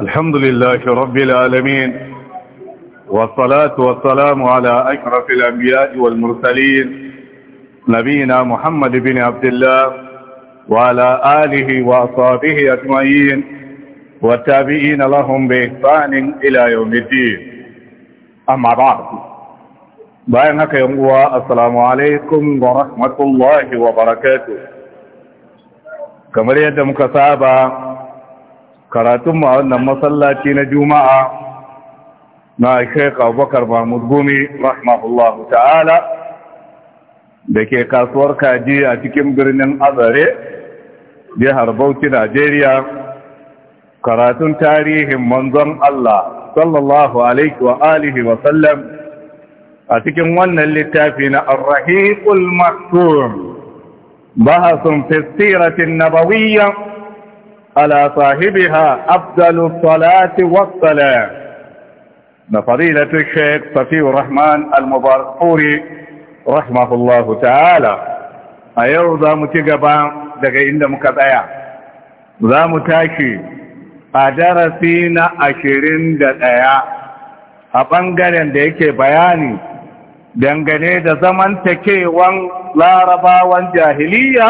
الحمد لله رب العالمين والصلاة والسلام على أشرف الأنبياء والمرسلين نبينا محمد بن عبد الله وعلى آله وأصحابه أجمعين والتابعين لهم بإحسان إلى يوم الدين أما بعد bayan haka السلام عليكم ورحمة الله وبركاته كما wa barakatuh karatunmu a wannan masallaci na juma'a na sheik abubakar mahmud gumi rahmahullahu ta'ala da ke kasuwar kaji a cikin birnin azare jihar bauchi najeriya karatun tarihin manzon allah sallallahu alaihi wa alihi wa sallam a cikin wannan littafi na arrahiqul maktum bahasun fi siratin nabawiyya على صاحبها أفضل الصلاة والسلام لفضيلة الشيخ صفي الرحمن المبارك فوري رحمه الله تعالى أيضا متقبا لغين مكبايا ذا متاشي أدرسين أشرين دقايا أبنغرين ديكي بياني dangane da zamantakewan larabawan jahiliya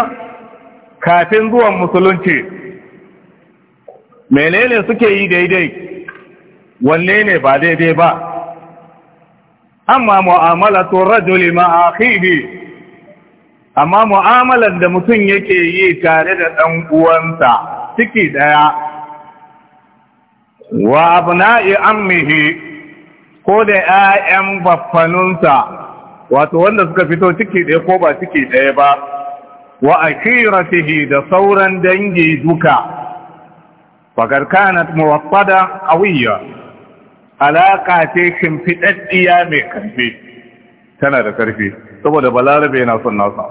kafin zuwan musulunci menene suke yi daidai wanne ne ba daidai ba amma mu'amalatu rajuli ma'a akhihi amma mu'amalar da mutum yake yi tare da ɗan uwansa ciki ɗaya wa abna'i ammihi ko da ayyan baffanunsa wato wanda suka fito ciki ɗaya ko ba ciki ɗaya ba wa akhiratihi da sauran dangi duka fagar kanat muwaffada awiyya alaka ce shimfidaddiya mai karfi tana da karfi saboda balarabe yana son nasa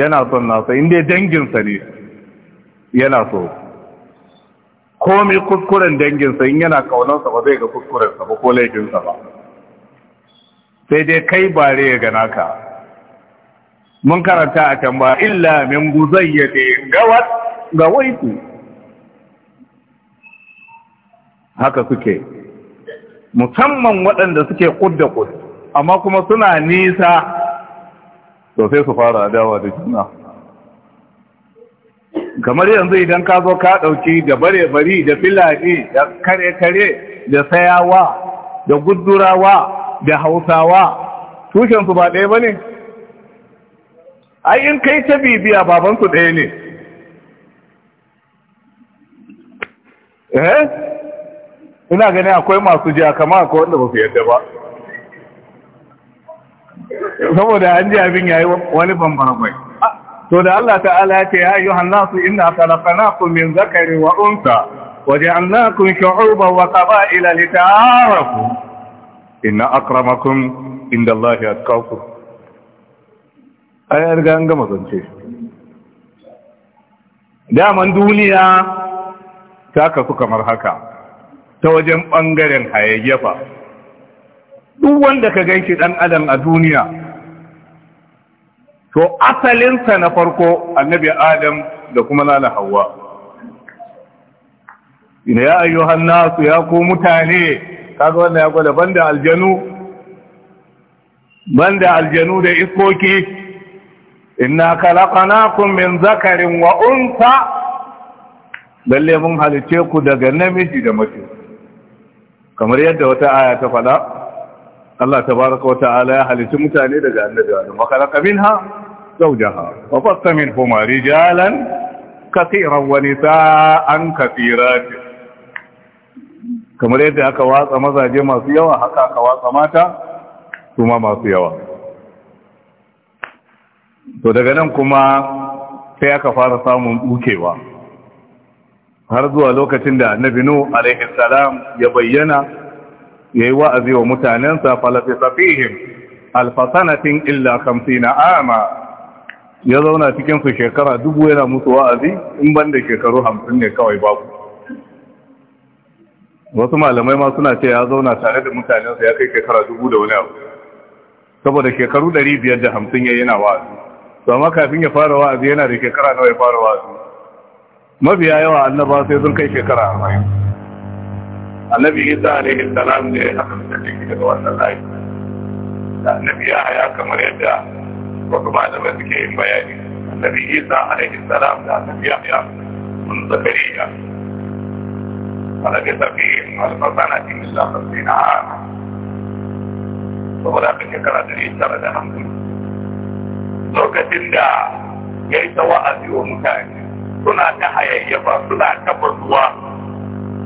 yana son nasa inda danginsa ne yana so komai kuskuren danginsa in yana kaunansa ba zai ga kuskurensa ba ko laifinsa ba sai dai kai bare ya gana ka mun karanta a can ba illa min guzayyade gawat ga waiku haka suke musamman waɗanda suke ƙudda ƙud amma kuma suna nisa to sai su fara adawa da juna kamar yanzu idan ka zo ka ɗauki da bare-bari da filaɗi da kare-kare da sayawa da gudurawa da hausawa tushensu ba ɗaya ba ne ai in kai ta bibiya babansu ɗaya ne eh ina gani akwai masu jiya kama akwai wanda ba su yadda ba saboda an ji abin yayi wani bambara mai to da Allah ta'ala ya ce ya ayyuhan nasu inna khalaqnakum min zakarin wa unsa waja'alnakum shu'uban wa qaba'ila lita'arafu inna akramakum inda Allah ya kawo an ga an gama zance daman duniya ta kasu kamar haka ta wajen ɓangaren hayayyafa duk wanda ka gan shi ɗan adam a duniya to asalinsa na farko annabi adam da kuma lana hawa ina ya ayyuhan ya ko mutane kaga wannan ya gwada banda aljanu banda aljanu da iskoki inna khalaqnakum min zakarin wa unsa lalle mun halice ku daga namiji da mace kamar yadda wata aya ta faɗa Allah tabaraka wata'ala ya halici mutane daga annabi Adam wa khalaqa minha zawjaha wa basta minhuma rijalan kathiran wa nisaan kathirat kamar yadda aka watsa mazaje masu yawa haka aka watsa mata kuma masu yawa to daga nan kuma sai aka fara samun dukewa har zuwa lokacin da annabi nu alaihi salam ya bayyana yayi wa'azi wa mutanensa falasifa safihim alfasanatin illa 50 ama ya zauna cikin su shekara dubu yana musu wa'azi in banda shekaru 50 ne kawai babu wasu malamai ma suna ce ya zauna tare da mutanensa ya kai shekara dubu da wani abu saboda shekaru 550 yayi yana wa'azi to amma kafin ya fara wa'azi yana da shekara nawa ya fara wa'azi mafiya yawa annaba sai sun kai shekara arba'in annabi isa alaihi salam ne aka fitar da daga wannan layi da annabi ya haya kamar yadda wasu malamai suke yin bayani annabi isa alaihi salam da annabi ya haya mun zakariya فلبث فيهم ألف سنة إلا خمسين عاما saboda haka shekara ɗari tara da hamsin lokacin da ya yi ta wa'azi wa mutane suna ta hayayyafa suna ta fasuwa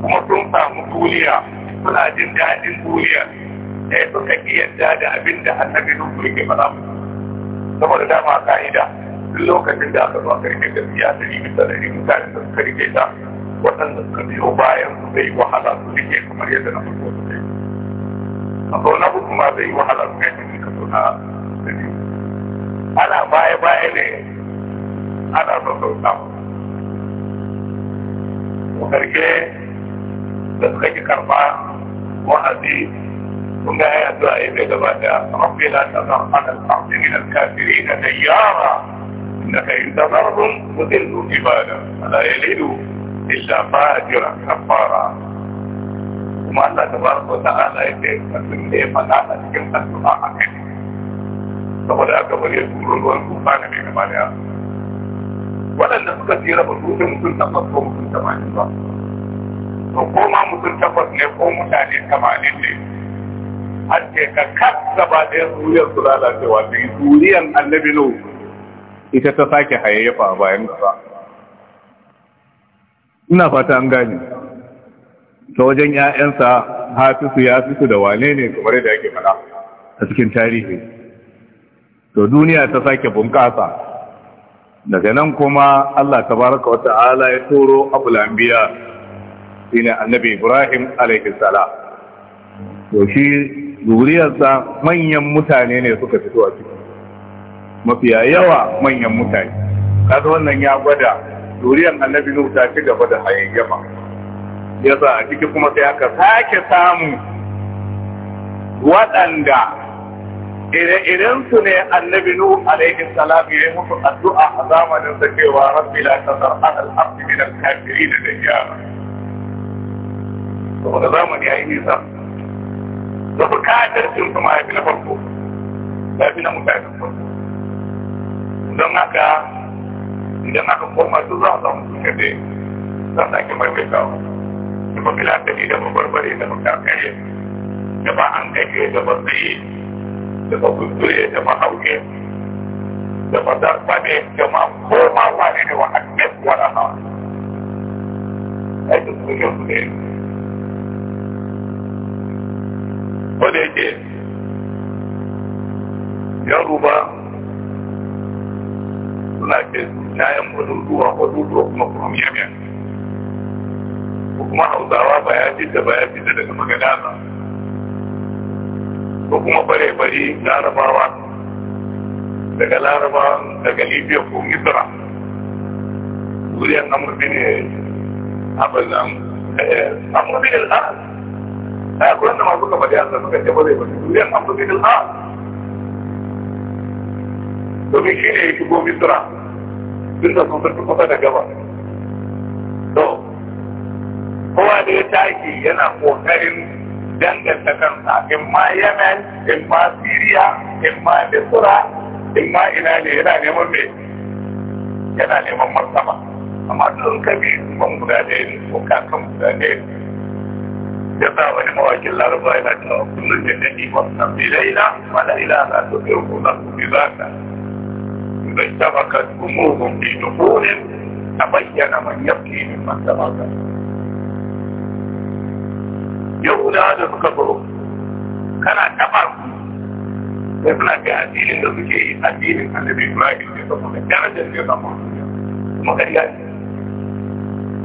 kuma sun samu duniya suna jin daɗin duniya ya eh, suka ƙi yadda da abin da annabi nuhu yake faɗa saboda dama ka'ida duk lokacin da aka zo a rike gaskiya da yi bisa da mutane da suka rike ta waɗanda suka biyo bayan su zai wahala su rike kamar yadda na farko su a zo na hudu ma zai wahala su kai cikin kaso na ana baya baya ne ana son sau karshe da suka ki karɓa wa'azi kun ga ya zuwa yi bai gaba da rabbi la tazar ala al-ardi min al-kafirin dayyara innaka in tazarhum tudillu ibada ala yalidu illa fajira kafara kuma Allah tabaraka wa ta'ala yake mutum ne fada a cikin addu'a akai saboda aka bari ya turo ruwan kuka ne gaba da waɗanda suka tsira ba su mutum tabbas ko mutum tamanin ba to ko ma mutum tabbas ne ko mutane tamanin ne an ce ka kasa ba ɗaya zuriyar su lalacewa ta yi zuriyar annabi nuhu ita ta sake hayayyafa a bayan ba ina fata an gane ta wajen 'ya'yansa hafisu ya fisu da wane ne kamar yadda ake faɗa a cikin tarihi to duniya ta sake bunƙasa daga nan kuma Allah tabaraka wa ta'ala ya turo abul shine annabi Ibrahim alaihi salam to shi zuriyarsa manyan mutane ne suka fito a ciki mafiya yawa manyan mutane kaga wannan ya gwada zuriyar annabi Nuhu ta ci gaba da hayayyama yasa a ciki kuma sai aka sake samu waɗanda ire-iren su ne annabi nuhu alaihi salam ya musu addu'a a zamanin sa cewa rabbi la tasar an al-abdi min al-kafirin da yara saboda zamani yayi nisa da bukatar cin su ma yafi na farko yafi na mutanen farko don haka idan aka koma su za a samu su kaɗe za a sake maimaitawa da mafilatari da mabarbare da makarkare da ba an gaje da ba tsaye da mabuzuye da mahauke da mazarfane da koma wane ne wa hannun wani hawa aikin kujen su ne wanda yake yaruba suna ce kayan waduduwa waduduwa kuma kuma yamiya kuma hausawa ba ya fita ba ya fita daga magadana ko kuma bare-bare larabawa daga larabawa daga libya ko misra zuriyar amurbi ne abin nan eh, amurbi al'ad a yakunan da masu gaba da yasa suka ce ba zai ba zuriyar amurbi al'ad domin shi ne ya shigo misra duk da sun sarki kusa da gaba to kowa da ya tashi yana kokarin danganta kansa in ma yemen in ma siriya in ma misra in ma ina ne yana neman me yana neman martaba amma don ka bi ban guda ɗaya ne ko kan guda ɗaya ne ya sa wani mawakin laraba yana cewa kullum da nake wannan bilaila wala ilaha to bi rukunan bi zaka idan tabaka tumuhum bi duhurin tabayyana man yabki min man tabaka yahudawa da suka zo kana taɓa su sai suna ga addinin da suke yi addinin annabi ibrahim ne saboda darajar ne samu kuma kariya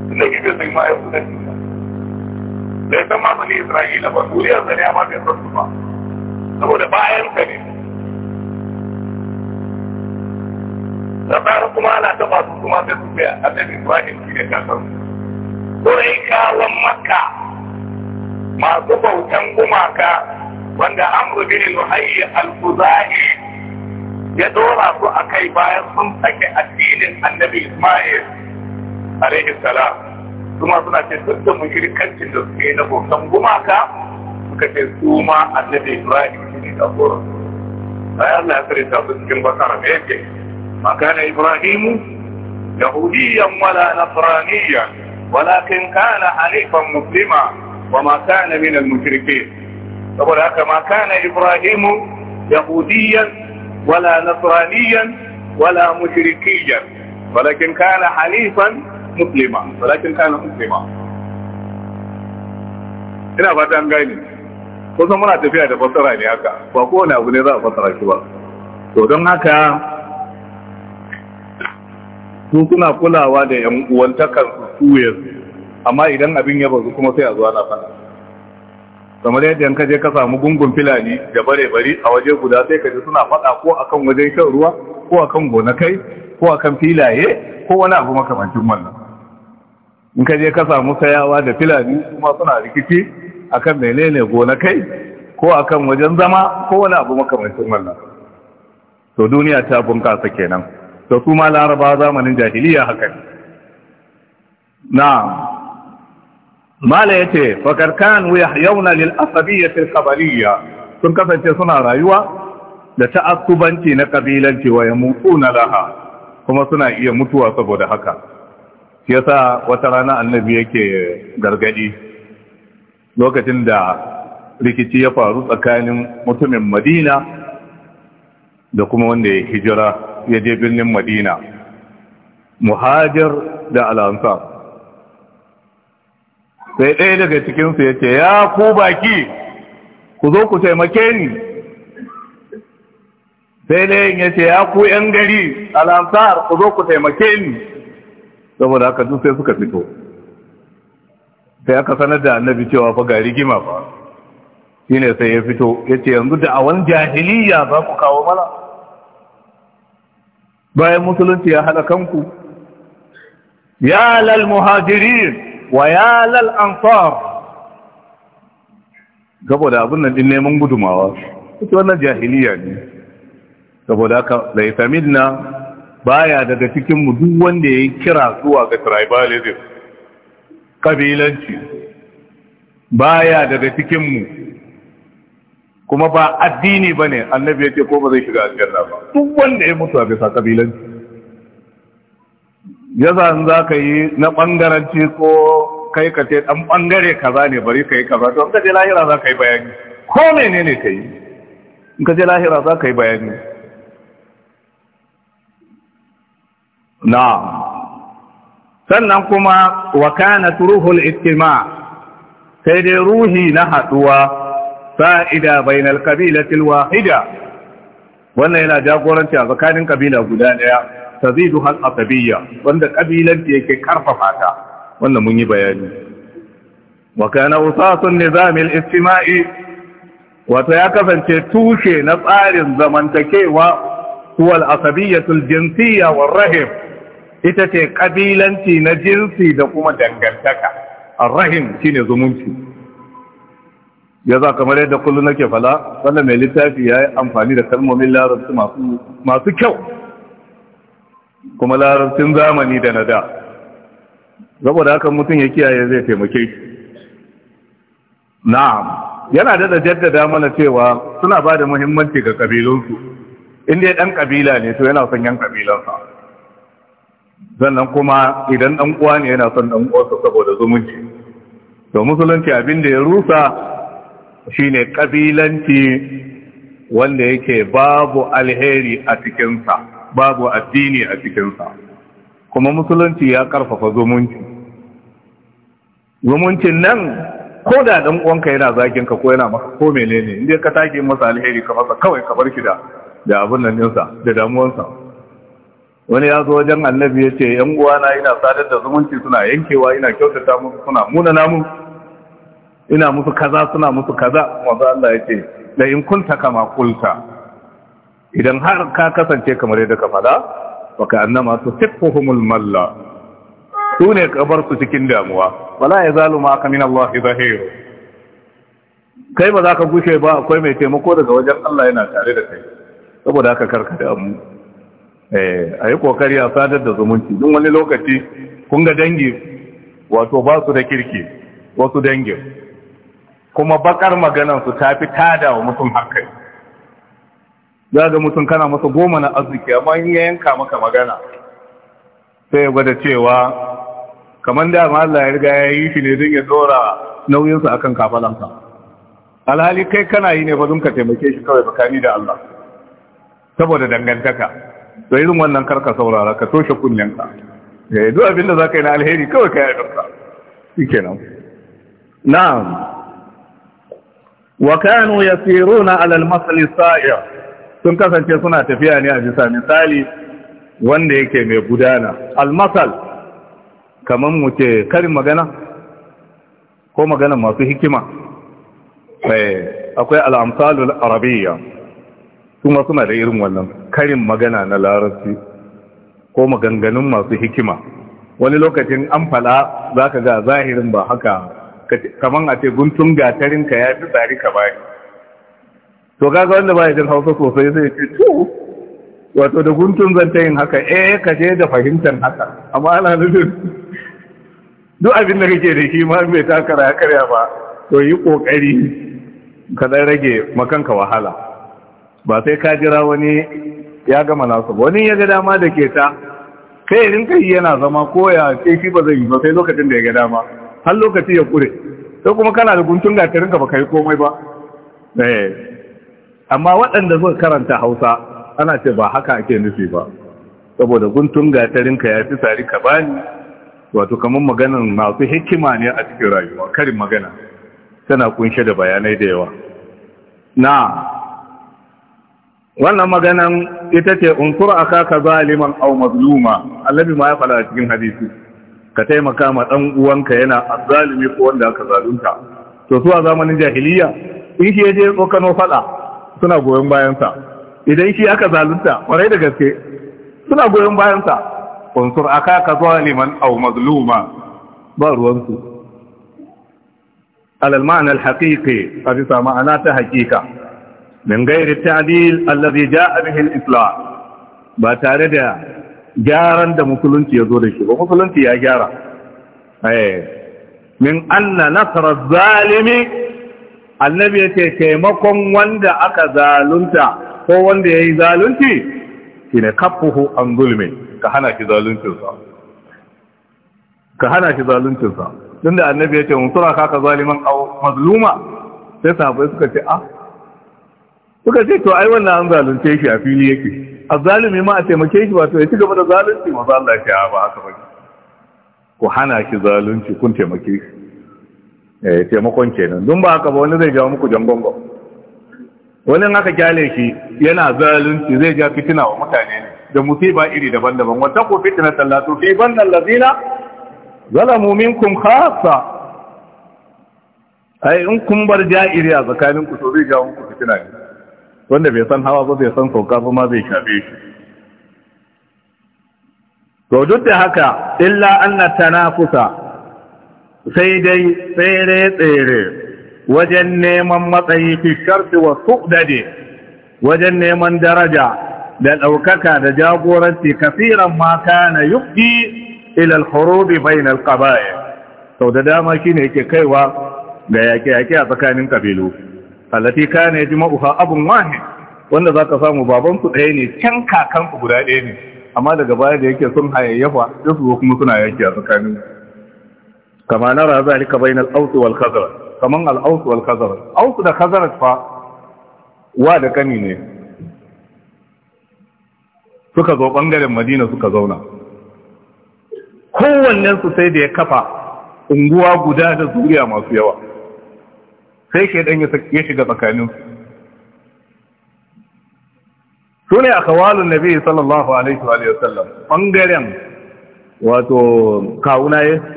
ne da kike sai ma yahudan ne sai san ma bani isra'ila ba duniyar zane ma bai san su ba saboda bayan ka ne da tsara kuma ana taɓa su kuma sai su kai annabi ibrahim shi ne kasar su. Ko ya yi kawon maka masu bautan gumaka wanda amru bin luhayyi al-khuzai ya dora su kai bayan sun sake addinin annabi isma'il alaihi salam kuma suna ce duk da mushrikancin da suke na bautan gumaka suka ce su ma annabi ibrahim shine jagoran bayan Allah ya tsare ta su cikin bakara me yake makana ibrahimu يهوديا ولا نصرانيا ولكن كان حنيفا مسلما wa ma kana min al-mushrikeen saboda haka ma kana ibrahimu Yahudiyan, wala nasraniyan wala mushrikiyyan walakin kana hanifan muslima walakin kana muslima ina fata gani. gane kusan muna tafiya da fasara ne haka ba kowane abu ne za a fasara shi ba to don haka su kuna kulawa da yan uwantakan su yanzu amma idan abin ya bazu kuma sai a zuwa ana fada kamar yadda ka je ka samu gungun filani da bare bari a waje guda sai ka ji suna fada ko akan wajen shan ruwa ko akan gonakai ko akan filaye ko wani abu makamancin wannan in ka je ka samu sayawa da filani kuma suna rikici akan menene gonakai ko akan wajen zama ko wani abu makamancin wannan to duniya ta bunkasa kenan to su ma laraba zamanin jahiliya haka na mala ya ce fakarkan wuya yauna lil asabiyyatil qabaliyya sun kasance suna rayuwa da ta'assubanci na kabilanci wa na laha kuma suna iya mutuwa saboda haka shi yasa wata rana annabi yake gargadi lokacin da rikici ya faru tsakanin mutumin Madina da kuma wanda ya hijira ya je birnin Madina muhajir da al'ansar. sai ɗaya daga cikinsu ya ce ya ku baki ku zo ku taimake ni sai ɗaya ya ce ya ku ‘yan gari alamsar ku zo ku taimake ni saboda haka sai suka fito sai aka sanar da annabi cewa fa ga rigima Shi ne sai ya fito ya ce yanzu da awan jahiliya za ku kawo mala. bayan musulunci ya haɗa kanku ya lal muhajirin wa ya lal ansar saboda abin nan din neman gudumawa ita wannan jahiliya ne saboda haka laisa minna baya daga cikin mu duk wanda yayi kira zuwa ga tribalism kabilanci baya daga cikin mu kuma ba addini bane annabi yake ko ba zai shiga aljanna ba duk wanda ya mutu a bisa kabilanci yaza za ka yi na ɓangaranci ko kai ka ce ɗan ɓangare kaza ne bari ka yi kaza to in ka je lahira za ka yi bayani ko mene ne ka yi in ka je lahira za ka yi bayani na sannan kuma wa kana ruhul ittima sai dai ruhi na haɗuwa sa'ida bainal qabilatil wahida wannan yana jagoranci a tsakanin kabila guda ɗaya Sazidu hal Asabiya wanda kabilanci yake karfafa ta wannan mun yi bayani wa kana usasun nizamil istima'i wato ya kasance tushe na tsarin zamantakewa huwal asabiyyatul jinsiyya war rahim ita ce kabilanci na jinsi da kuma dangantaka ar-rahim shine zumunci ya za kamar yadda kullum nake fala wannan mai littafi ya yi amfani da kalmomin larabci masu kyau kuma larabcin zamani da na da saboda haka mutum ya kiyaye zai taimake shi na'am yana da jaddada mana cewa suna ba da muhimmanci ga ƙabilunsu, inda ɗan kabila ne to yana son yan kabilansa sannan kuma idan ɗan uwa ne yana son ɗan uwarsa saboda zumunci to musulunci abin da ya rusa shine ƙabilanci wanda yake babu alheri a cikinsa babu addini a cikinsa kuma musulunci ya karfafa zumunci zumuncin nan ko da dan uwanka yana zakin ka ko yana maka ko menene inda ka take masa alheri ka masa kawai ka bar shi da da abun nan ɗinsa da damuwansa wani ya zo wajen annabi ya ce yan uwana ina sadar da zumunci suna yankewa ina kyautata musu suna muna namu ina musu kaza suna musu kaza wanda Allah ya ce la in kunta kama kulta idan har ka kasance kamar yadda ka fada baka annama su tifuhumul malla su ne kabar su cikin damuwa wala ya zalu ma ka min Allah zahiru kai ba za ka gushe ba akwai mai taimako daga wajen Allah yana tare da kai saboda haka karka da mu eh ayi kokari a sadar da zumunci duk wani lokaci kun ga dangi wato ba su da kirki wasu dangin kuma bakar maganar su fi tada wa mutum hankali za ga mutum kana masa goma na arziki amma yi ya yanka maka magana sai ya gwada cewa kamar da ma Allah ya riga ya yi shi ne don ya dora nauyinsa akan kafalansa alhali kai kana yi ne fa ka taimake shi kawai tsakani da Allah saboda dangantaka da irin wannan karka saurara ka toshe kunyanka eh duk abin da zaka yi na alheri kawai ka yi abinka shikenan na'am wa kanu yasiruna ala al-masl sa'ir sun kasance suna tafiya ne a bisa misali wanda yake mai gudana almasal kamar mu ce karin magana ko magana masu hikima eh, akwai al'amsalul arabiya kuma suna da irin wannan karin magana na larasi ko maganganun masu hikima wani lokacin an fada za ka ga zahirin ba haka Kamar a ce guntun gatarinka ya fi tsari ka bayan to kaga wanda ba ya jin hausa sosai zai ce to wato da guntun zanta yin haka eh ka je da fahimtar haka amma ana nufin duk abin da kake da shi ma bai takara ya karya ba to yi kokari ka dan rage makanka wahala ba sai ka jira wani ya gama nasu wani ya ga dama da ke ta kai irin kai yana zama ko ya ce shi ba zai yi ba sai lokacin da ya ga dama har lokaci ya kure sai kuma kana da guntun gatarin ka ba kai komai ba eh amma waɗanda suka karanta hausa ana ce ba haka ake nufi ba saboda guntun gatarinka ya fi sari ka bani wato kamar maganar masu hikima ne a cikin rayuwa karin magana tana kunshe da bayanai da yawa na wannan maganan ita ce unsur aka ka zaliman au mazluma annabi ma ya a cikin hadisi ka taimaka ma ɗan uwanka yana azzalimi ko wanda aka zalunta to su zamanin jahiliya in shi ya je tsokano fada suna goyon bayansa idan shi aka zalunta kwarai da gaske suna goyon bayansa unsur aka ka zaliman aw mazluma ba ruwansu alal ma'ana al-haqiqi a ma'ana ta hakika min gairi ta'dil allazi ja'a bihi al ba tare da gyaran da musulunci ya zo da shi ba musulunci ya gyara eh min anna nasra zalimi annabi ya ce taimakon wanda aka zalunta ko wanda ya yi zalunci shi ne kafuhu an zulme ka hana shi zaluncinsa ka hana shi zaluncinsa tun da annabi ya ce mutura kaka zaliman a mazluma sai sahabai suka ce a. Ah. suka ce to ai wannan an zalunce shi a fili yake a zalumi ma a taimake shi ba to ya ci gaba da zalunci ma za Allah ya ah, ba haka ba ku hana shi zalunci kun taimake shi eh taimakon kenan dun ba haka ba wani zai jawo muku jangongo wani haka kyale shi yana zalunci zai ja fitina wa mutane ne da musiba iri daban-daban wata ko fitina sallatu fi nan lazina zalamu minkum khassa ai in kun bar ja'iri a tsakanin ku to zai jawo muku fitina ne wanda bai san hawa ba bai san sauka ba ma zai shafe shi to duk da haka illa anna tanafusa sai dai tsere-tsere wajen neman matsayi fi sharfi wa suɗaɗe wajen neman daraja da ɗaukaka da jagoranci kafiran mata na yuki ilal horobi bainal ƙabaye sau da dama shi ne ke kaiwa ga yaƙe-yaƙe a tsakanin ƙabilu halatti ka ne ji ma'uha abin wahin wanda za ka samu babansu ɗaya ne can kakanku guda ɗaya ne amma daga baya da yake sun hayayyafa da su kuma suna yaƙi a tsakaninsu kama nara zalika bainal aus wal khazraj kaman al aus wal khazraj aus da khazraj fa wa da kani ne suka zo bangaren madina suka zauna kowannensu sai da ya kafa unguwa guda da zuriya masu yawa sai shaidan ya shiga tsakaninsu su ne a kawalin nabi sallallahu alaihi wa sallam ɓangaren wato kawunaye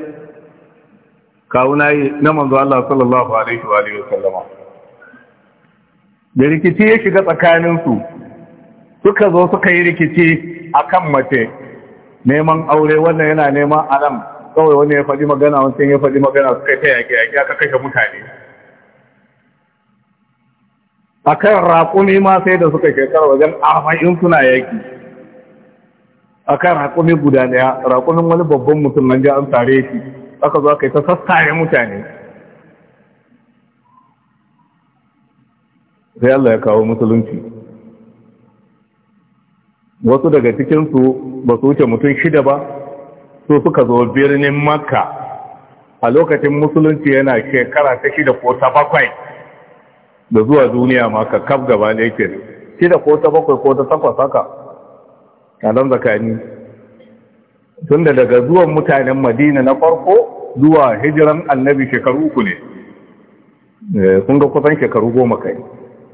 kawuna yi na manzo Allah sallallahu alaihi wa alihi wasallama da rikici ya shiga tsakaninsu suka zo suka yi rikici akan mace neman aure wannan yana neman alam kawai wani ya faɗi magana wancan ya faɗi magana suka ta yaƙi yaƙi aka kashe mutane akan raƙumi ma sai da suka shekara wajen arba'in suna yaƙi akan raƙumi guda ɗaya raƙumin wani babban mutum nan ja an tare shi aka zo aka yi ta sassare mutane sai Allah ya kawo musulunci wasu daga cikinsu ba su wuce mutum shida ba su suka zo birnin makka a lokacin musulunci yana shekara ta shida ko ta bakwai da zuwa duniya maka kaf gaba ne ke shida ko ta bakwai ko ta takwas haka a nan zakani tunda daga zuwan mutanen madina na farko zuwa hijiran annabi shekaru uku ne sun eh, ga kusan shekaru goma kai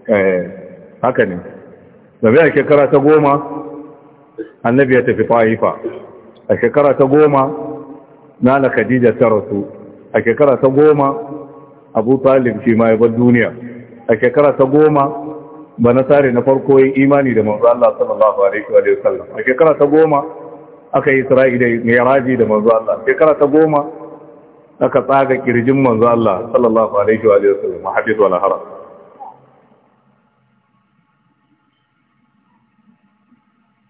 eh, haka ne zabi a shekara ta goma annabi ya tafi fa'ifa a shekara ta goma nana khadija ta rasu a shekara ta goma abu talib shi ma ya duniya a shekara ta goma ba na sare na farko yin imani da manzo Allah sallallahu alaihi wa sallam a shekara ta goma aka yi isra'i da miraji da manzo Allah shekara ta goma aka tsaga kirjin manzo Allah sallallahu alaihi wa sallam hadith wal haram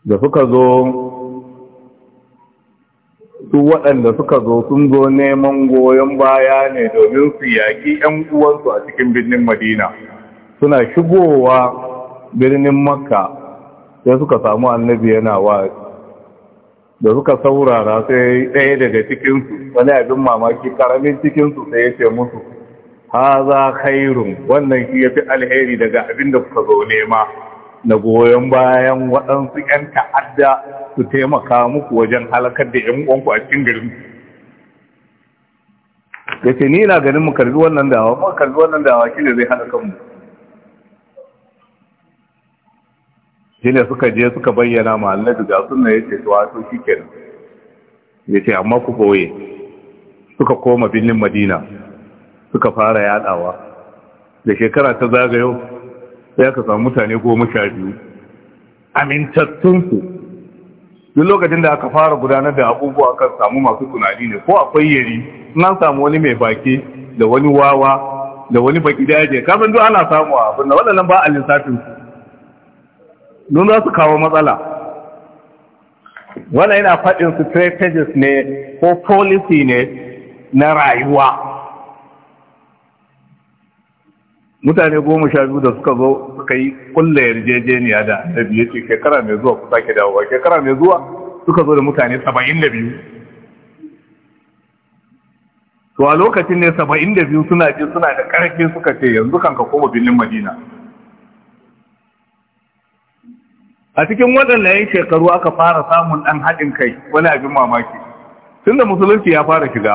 da suka zo su waɗanda suka zo sun zo neman goyon baya ne domin su yaƙi 'yan uwansu a cikin birnin madina suna shigowa birnin makka sai suka samu annabi yana wa da suka saurara sai ɗaya daga cikinsu wani abin mamaki ƙaramin cikinsu sai ya ce musu za khairun wannan shi ya fi alheri daga abin da kuka zo nema na goyon bayan waɗansu 'yan ta'adda su taimaka muku wajen halakar da 'yan uwanku a cikin garin ya ce ni na ganin mu karbi wannan dawa mu karbi wannan dawa shi ne zai haɗa kanmu shine suka je suka bayyana ma annabi ga sunna yace to a to shikenan yace amma ku boye suka koma birnin Madina suka fara yadawa da shekara ta zagayo sai aka samu mutane goma sha biyu ku. duk lokacin da aka fara gudanar da abubuwa kan samu masu tunani ne ko akwai yari nan samu wani mai baki da wani wawa da wani baki yake kafin duk ana samu a abin da waɗannan ba a lissafin su don za su kawo matsala wanda yana faɗin strategies ne ko policy ne na rayuwa mutane goma sha biyu da suka zo suka yi kulle yarjejeniya da annabi ya ce shekara mai zuwa ku sake dawowa shekara mai zuwa suka zo da mutane saba'in da biyu to a lokacin ne saba'in da biyu suna ji suna da ƙarfi suka ce yanzu kanka koma birnin madina a cikin waɗanda yan shekaru aka fara samun ɗan haɗin kai wani abin mamaki tunda musulunci ya fara shiga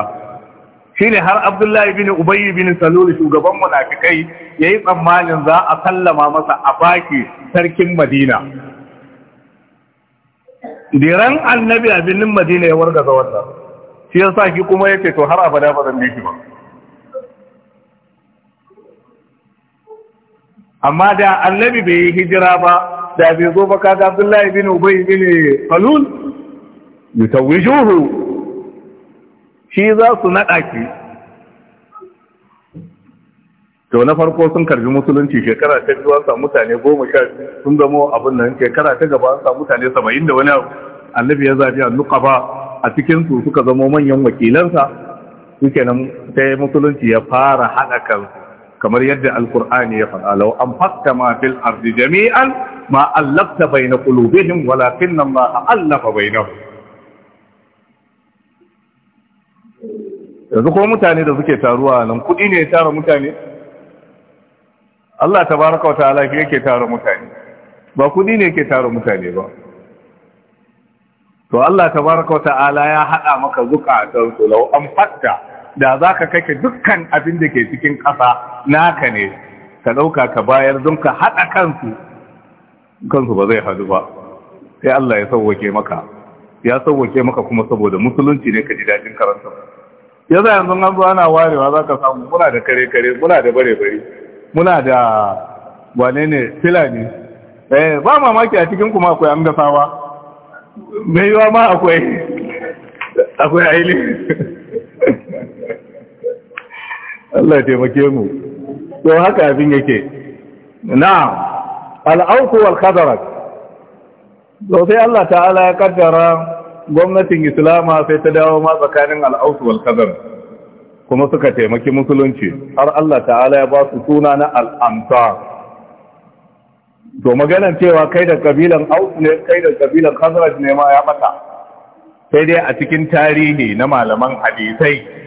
shine har abdullahi bin ubayi bin salul shugaban munafikai yayi tsammanin za a sallama masa a baki sarkin madina diran annabi a birnin madina ya warga wargaza wannan shi yasa shi kuma yace to har abada ba zan bi shi ba amma da annabi bai yi hijira ba da bai zo ba kaga Abdullahi bin Ubay bin Salul yutawijuhu shi za su nada ki to na farko sun karbi musulunci shekara ta biyu an samu mutane goma sha sun zamo abin nan shekara ta gaba an samu mutane saba'in da wani annabi ya zafi annuka ba a cikinsu suka zamo manyan wakilansa suke sai musulunci ya fara haɗa kansu kamar yadda alkur'ani ya faɗa lau an fakta ma fil ardi jami'an ma allafta baina qulubihim walakin Allah allafa bainahum yanzu ko mutane da suke taruwa nan kudi ne ya tara mutane Allah tabaraka wa ta'ala yake tara mutane ba kudi ne yake tara mutane ba to Allah tabaraka wa ta'ala ya hada maka zukatansu lau an fakta da za ka kake dukkan abin da ke cikin ƙasa naka ne ka ɗauka ka bayar don ka haɗa kansu kansu ba zai haɗu ba sai Allah ya sauwake maka ya sauwake maka kuma saboda musulunci ne ka ji daɗin karanta ya za yanzu an zo ana warewa za ka samu muna da kare-kare muna da bare-bare muna da wane ne filani eh ba mamaki a cikin kuma akwai an gasawa mai yiwa ma akwai akwai aili Allah taimake mu to haka abin yake na'am al'auku wal khadarak to sai Allah ta'ala ya kaddara gwamnatin islama sai ta dawo ma tsakanin al'auku wal kuma suka taimaki musulunci har Allah ta'ala ya ba su suna na al-amsa to maganan cewa kai da kabilan aus ne kai da kabilan khazraj ne ma ya bata sai dai a cikin tarihi na malaman hadisai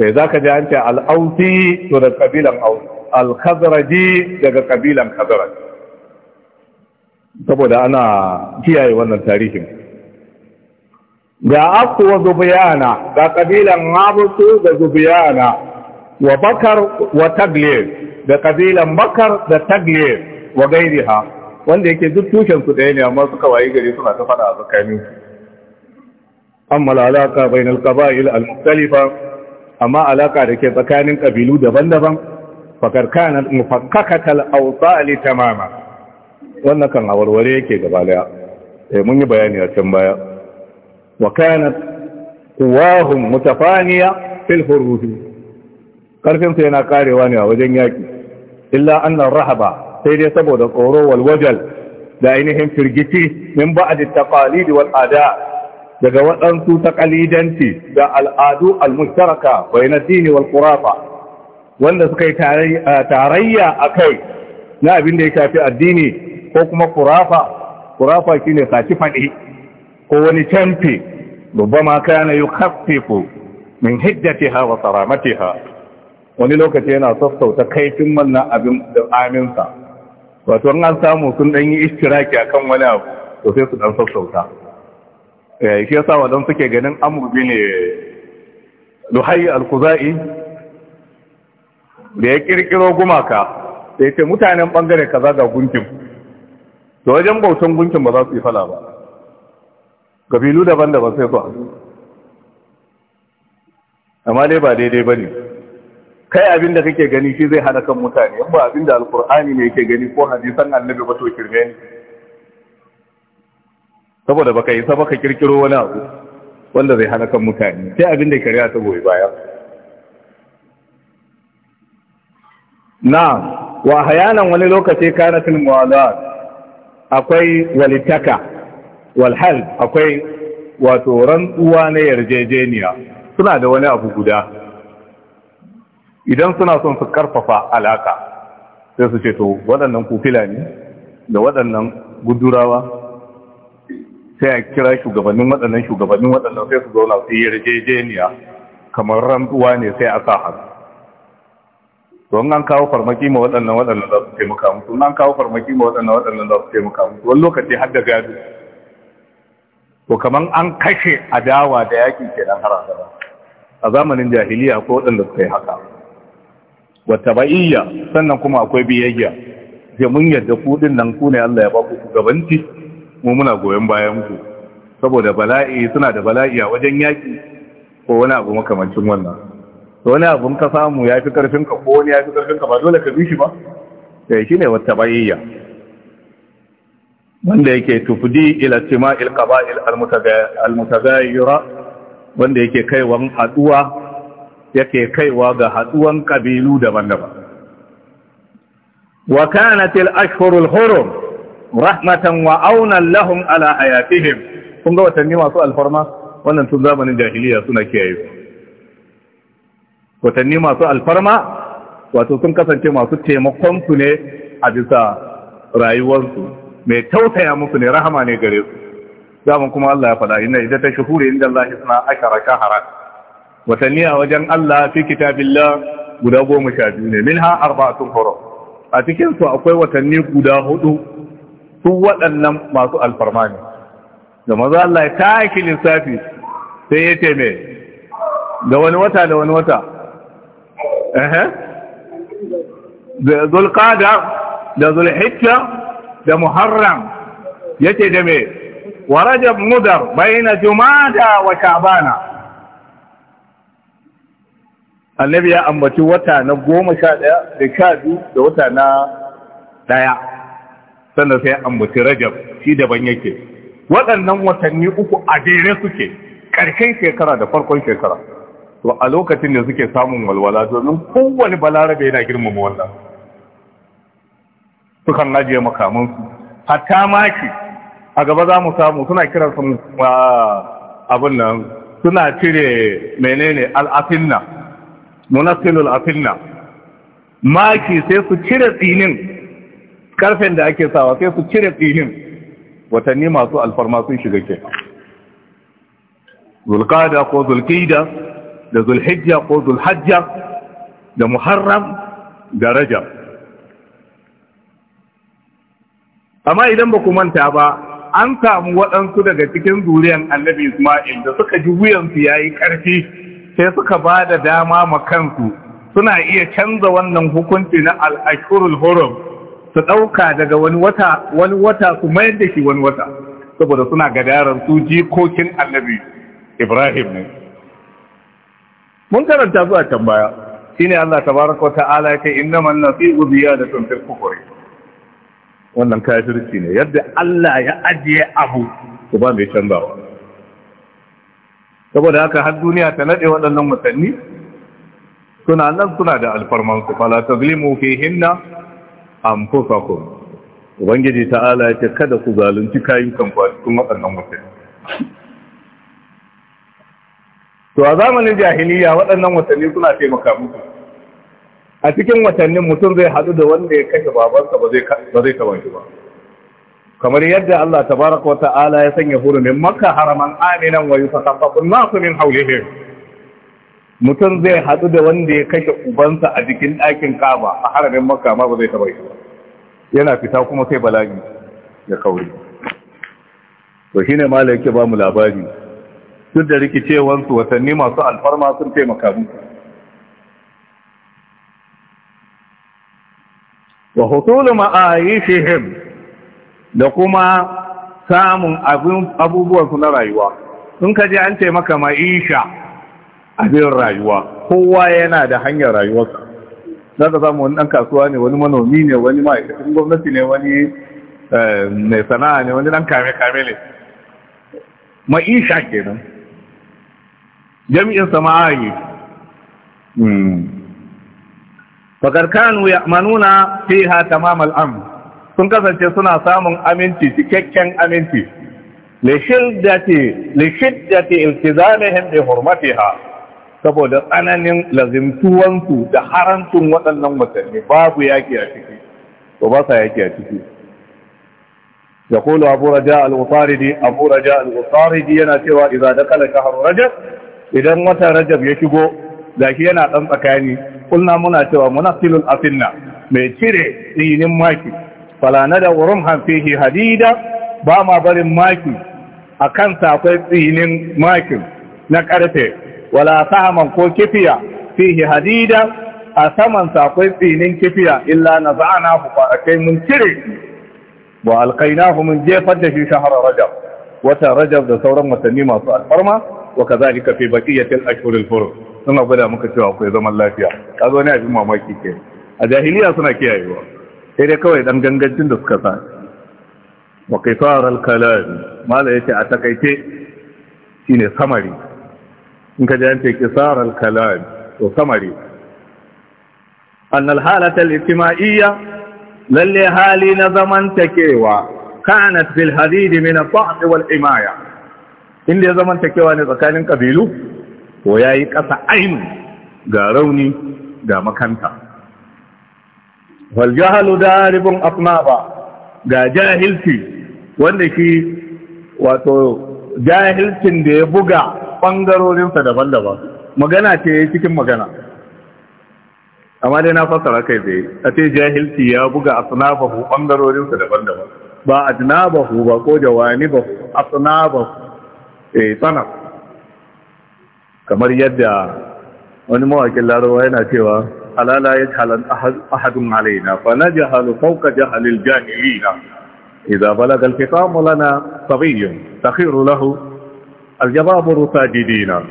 eh zaka ji an ce al-ausi to da kabilan al-khazraji daga kabilan khazraj saboda ana kiyaye wannan tarihin ga aku wa zubiyana ga kabilan abusu da zubiyana wa bakar wa taglib da kabilan bakar da taglib wa gairiha wanda yake duk tushen su ɗaya ne amma suka wayi gari suna ta fada a tsakanin su amma alaka bainal qaba'il al-mukhtalifa amma alaka da ke tsakanin ƙabilu daban-daban fakar kana mufakkakatal ta mama. wannan kan awarware yake gaba daya eh, mun yi bayani a can baya wa kuwahun mutafaniya fil rufi karfin yana karewa ne a wajen yaki illa anna rahaba sai dai saboda tsoro wal da ainihin firgiti min ba'd at-taqalid wal ada daga waɗansu ta da al'adu al-mushtaraka bai na dini wal kurafa wanda suka yi tarayya a kai na abin da ya shafi addini ko kuma ƙurafa. kurafa shine saci faɗi ko wani canfi ربما كان يخفف من هجتها ha. wani lokaci yana sassauta kaifin wannan abin da aminsa wato an samu sun dan yi istiraki akan wani abu to sai su dan sassauta eh shi yasa wadan suke ganin amurbi ne luhayy al kuzai da ya kirkiro gumaka sai ce mutanen bangare kaza ga gunkin to wajen bautan gunkin ba za su yi fala ba kabilu daban-daban sai zuwa amma dai ba daidai ba ne kai abin da kake gani shi zai hana kan mutane yamma abin da alkur'ani ne yake gani ko hadisan annabi ba to kirme ne saboda baka yi sabaka kirkiro wani abu wanda zai hana kan mutane sai abin da shari'a ta goyi baya na wa hayanan wani lokaci kanatin muwazat akwai walitaka walhal akwai wato rantsuwa na yarjejeniya suna da wani abu guda idan suna son su karfafa alaka sai su ce to waɗannan kufila ne da waɗannan gudurawa sai a kira shugabannin waɗannan shugabannin waɗannan sai su zauna su yi yarjejeniya kamar rantsuwa ne sai a sa hannu in an kawo farmaki ma waɗannan waɗannan za su taimaka musu an kawo farmaki ma waɗannan waɗannan za su taimaka musu wani lokaci har da gado to kamar an kashe adawa da yaƙi nan har abada a zamanin jahiliya ko waɗanda suka yi haka wata ba'iyya sannan kuma akwai biyayya sai mun yadda kuɗin nan ku ne Allah ya ba ku shugabanci mu muna goyon bayan ku saboda bala'i suna da bala'i a wajen yaki ko wani abu makamancin wannan to wani abun ka samu ya fi karfin ka ko wani ya fi karfin ka ba dole ka bi shi ba eh, shi ne wata bayayya wanda yake tufdi ila tima'il qaba'il al-mutaghayyira wanda yake kaiwa haduwa yake kaiwa ga haduwan kabilu daban-daban wa kanatil ashhurul hurum rahmatan wa aunan lahum ala hayatihim kun ga watanni masu alfarma wannan tun zamanin jahiliya suna kiyaye su watanni masu alfarma wato sun kasance masu taimakon su ne a bisa rayuwarsu mai tausaya musu ne rahama ne gare su zaman kuma Allah ya faɗa inna idan ta shuhuri inda Allah suna ashara shahara watanni a wajen Allah fi kitabillah guda goma sha biyu ne minha arba'atun hurum a cikin su akwai watanni guda hudu su waɗannan masu alfarma ne da maza Allah ya taki lissafi sai ya mai da wani wata da wani wata da zulƙada, da zulhicca, da muharram ya ce da mai wa rajab mudar bayna jumada wa sha'bana annabi ya ambaci wata na goma sha ɗaya da sha biyu da wata na ɗaya sannan sai ambaci rajab shi daban yake waɗannan watanni uku a jere suke ƙarshen shekara da farkon shekara to a lokacin da suke samun walwala domin kowane balarabe yana girmama wannan sukan ajiye makamansu hatta maki a gaba za mu samu suna kiransu abin nan suna cire menene al'afinna munasilul afinna maki sai su cire tsinin karfen da ake sawa sai su cire tsinin, watanni masu alfarma sun shiga ke zulqada ko zulqida da zulhijja ko zulhajja da muharram da amma idan ba ku manta ba an samu waɗansu daga cikin zuriyan annabi isma'il da suka ji wuyansu ya yi ƙarfi sai suka ba da dama ma kansu suna iya canza wannan hukunci na al'ashurul su ɗauka daga wani wata wani wata su mayar da shi wani wata saboda suna gadaran su jikokin annabi ibrahim ne mun karanta zuwa can baya shine Allah tabaraka wata'ala yake innamal nasibu da fil kufri wannan kafirci ne yadda Allah ya ajiye abu to ba mai canzawa saboda haka har duniya ta nade waɗannan mus'anni, suna nan suna da alfarman su fala tazlimu fihinna anfusakum ubangiji ta'ala ya ce kada ku zalunci kayan ku a cikin waɗannan mutane to a zamanin jahiliya waɗannan watanni suna taimaka muku a cikin watannin mutum zai haɗu da wanda ya kashe babansa ba zai taɓa shi ba kamar yadda Allah tabaraka wa ta'ala ya sanya hurumin makka haraman aminan wa yusafafun nasu min haulihim mutum zai haɗu da wanda ya kashe ubansa a jikin ɗakin kaba a hararin maka ma ba zai taɓa shi ba yana fita kuma sai bala'i ya kauri to ne mala yake ba mu labari duk da rikicewansu watanni masu alfarma sun taimaka mu wa hutulu ma'ayishihim da kuma samun abubuwansu na rayuwa sun kaji an ce maka isha abin rayuwa kowa yana da hanyar rayuwarsa za ka samu wani ɗan kasuwa ne wani manomi ne wani ma'aikacin gwamnati ne wani eh, mai sana'a ne wani ɗan kame-kame ne ma'isha kenan jami'in sama'ayi hmm. fakar kanu ya manuna fi ha tamamal am sun kasance suna samun aminci cikakken aminci lishiddati lishiddati iltizamihim bi hurmatiha saboda tsananin lazimtuwansu da harancin waɗannan watanni babu yaki a ciki to ba sa yaki a ciki ya kulu abu raja al-usaridi abu raja al-usaridi yana cewa idza dakala shahru rajab idan watan rajab ya shigo zaki yana dan tsakani kulna muna cewa munasilul afinna mai cire tsinin maki fala nada rumhan fihi hadida ba ma barin maki Akan kansa tsinin maki na karfe wala ta'aman ko kifiya fihi hadida a saman akwai tsinin kifiya illa na za'ana ku kai mun cire wa alkainahu mun jefar da shi shahar rajab wata rajab da sauran watanni masu alfarma wa baki fi baqiyatil shirin hurum suna gwada muka cewa akwai zaman lafiya ka zo ne abin mamaki ke a jahiliya suna kiyayewa sai dai kawai dan gangancin da suka sa wa kaifar al yace a takaice shine samari in ka jance kisarar kalam to samari an alhalatar itima'iyya lalle hali na zamantakewa kanat bil hadidi min al wal imaya inda ya zamantakewa ne tsakanin kabilu ko yayi kasa ainu ga rauni ga makanta wal jahlu daribun asnaba ga jahilci wanda shi wato jahilcin da ya buga ɓangarorinsa daban-daban magana ce cikin magana amma dai na fasara kai zai a ce jahilci ya buga asnabahu ɓangarorinsa daban-daban ba bahu ba ko ba asnabahu eh sanab kamar yadda wani mawakin larawa yana cewa alala ya halan ahadun alaina fa na jahalu fauka jahalil jahilina idza balagal al samu lana sabiyyun takhiru lahu aljababuru sajidina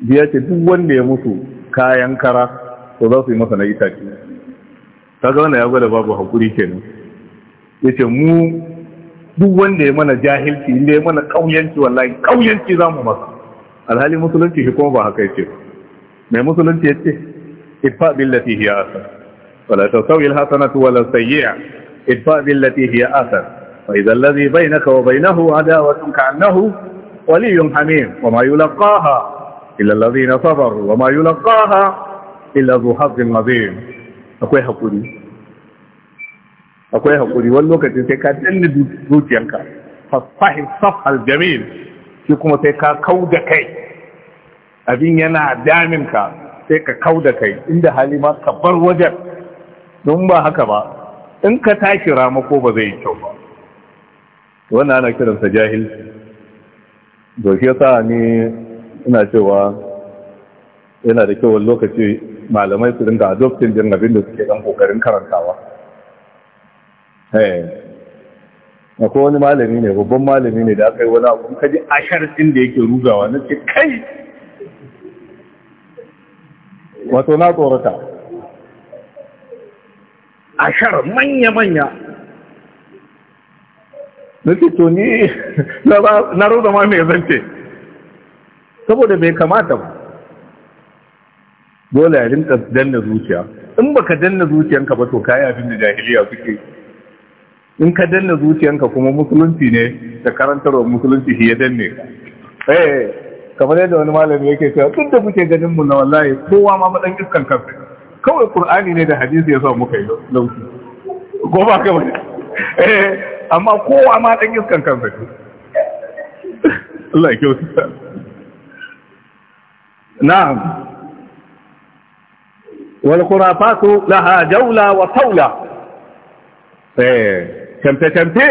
biya ce duk wanda ya mutu kayan kara to za su yi masa na itace ta zauna ya gwada babu hakuri kenan ya ce mu duk wanda ya mana jahilci inda ya mana ƙauyanci wallahi ƙauyanci za mu masa alhali musulunci shi kuma ba haka ya ce, mai musulunci ya ce idfa billati hiya asar wala tasawi alhasanatu wala sayyi'a idfa billati hiya asar fa idza alladhi bainaka wa bainahu adawatun ka'annahu waliyun hamim wa ma yulqaha illa alladhina sabaru wa ma yulqaha illa dhu hazzin azim akwai hakuri akwai hakuri wani lokacin sai ka danne zuciyarka, fasahi safal jamil shi kuma sai ka kauda kai abin yana daminka sai ka da kai inda hali ma ka bar wajen don ba haka ba in ka tashi ramako ba zai yi kyau ba wannan ana kiransa jahilci to shi yasa ni ina cewa yana da kyau lokaci malamai su dinga adoptin din abin da suke dan kokarin karantawa eh akwai wani malami ne babban malami ne da kai wani abu kaji ashar din da yake rugawa na ce kai wato na tsorata ashar manya-manya na to ni na roza ma mai zance saboda bai kamata ba dole ya rinka danna zuciya in ba ka danna zuciyanka ba to kayi abin da jahiliya suke in ka danna zuciyanka kuma musulunci ne da wa musulunci shi ya danne ka eh kamar yadda wani malami yake cewa duk da muke ganin mu na wallahi kowa ma madan iskan kansa kawai qur'ani ne da hadisi ya sa muka yi lauki ko ba ka bane Eh, amma kowa ma ɗan iskan kansa ne Allah ya kyauta na'am wal khurafatu laha jaula wa tawla eh kamfe kamfe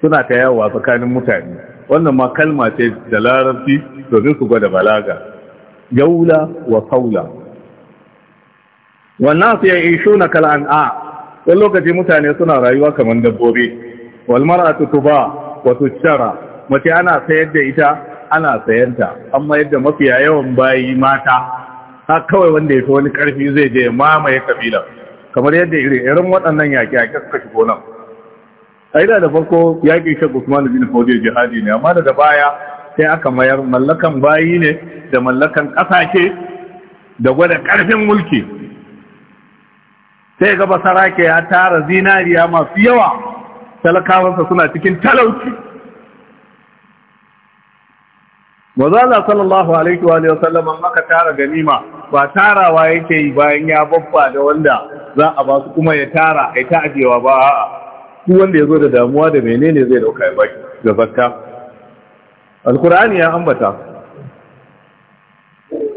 suna ta yawa tsakanin mutane wannan ma kalma ce da larabci domin su gwada balaga jaula wa tawla wannan su ya ishu na a. wani lokaci mutane suna rayuwa kamar dabbobi wal mar'atu tuba wa tushara mace ana sayar da ita ana sayanta amma yadda mafiya yawan bayi mata ha kawai wanda ya fi wani karfi zai je ya mamaye kabila kamar yadda irin waɗannan yaƙi a suka shigo nan a da farko yaƙi shek usman bin fauzi jihadi ne amma daga baya sai aka mayar mallakan bayi ne da mallakan ƙasashe da gwada ƙarfin mulki sai ga basarake ya tara zinariya masu yawa talakawansa suna cikin talauci wazala sallallahu alaihi wa sallam maka tara ganima ba tarawa yake yi bayan ya babba da wanda za a ba su kuma ya tara ai ta ajewa ba ku wanda ya zo da damuwa da menene zai dauka ya baki ga zakka alkur'ani ya ambata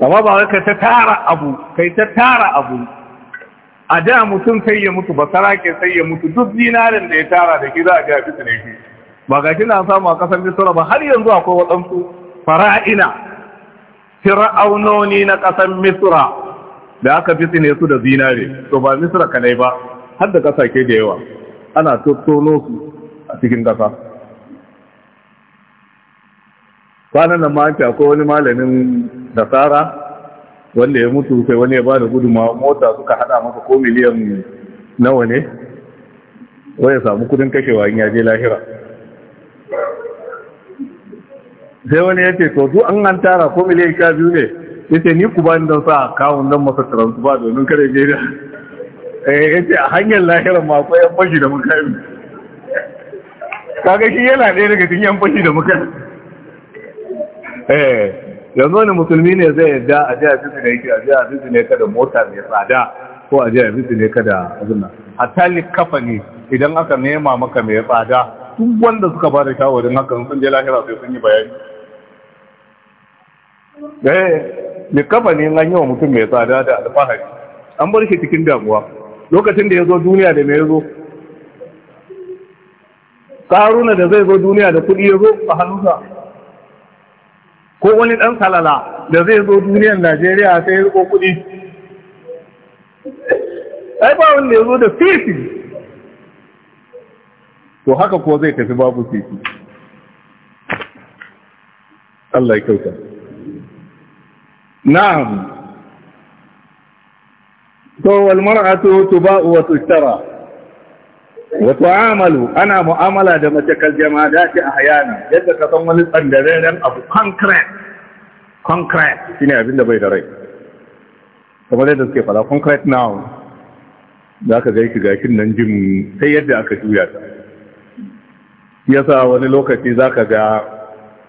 amma ba ka ta tara abu kai ta tara abu a da mutum sai ya mutu ba sarake sai ya mutu duk zinarin da ya tara da ki za a ga fi ne shi ba ga na samu a kasar misra ba har yanzu akwai waɗansu fara'ina fir'aunoni na kasar misra da aka fi ne su da zinare to ba misra ka ba har da kasake da yawa ana tono su a cikin kasa kwanan nan ma akwai wani malamin nasara wanda ya mutu sai wani ya ba da gudunmawa mota suka hada masa ko miliyan nawa ne wai ya samu kudin kashewa in ya je lahira sai wani ya ce to duk an an tara ko miliyan sha biyu ne ya ce ni ku ba ni don sa kawun don masa taransu ba domin kare je da eh, ya ce a hanyar lahira ma akwai yan fashi da yi kaga shi yana ɗaya daga cikin yan fashi da muka eh yanzu wani musulmi ne zai yadda a jiya fi ne yake a jiya fisi ne kada mota mai tsada ko a jiya fisi ne kada azuna a tali kafa ne idan aka nema maka mai tsada duk wanda suka ba da shawarin hakan sun je lahira sai sun yi bayani eh mai kafa ne an yi wa mutum mai tsada da alfahari an bar shi cikin damuwa lokacin da ya zo duniya da mai ya zo karuna da zai zo duniya da kuɗi ya zo a hannunsa ko wani ɗan salala da zai zo duniyar Najeriya sai ya riko kuɗi. Ai ba wanda ya zo da fifi, To haka ko zai tafi babu fifi. Allah ya kyauta. Na'am. To wal mar'atu tuba'u wa tushtara. wato Amalu ana mu'amala da mace shi a hayana. yadda ka san wani tsandareren abu concrete concrete shine abin da bai da rai kamar yadda suke fara concrete now za ka gaiki gashin nan jin sai yadda aka juya ta yasa wani lokaci za ka ga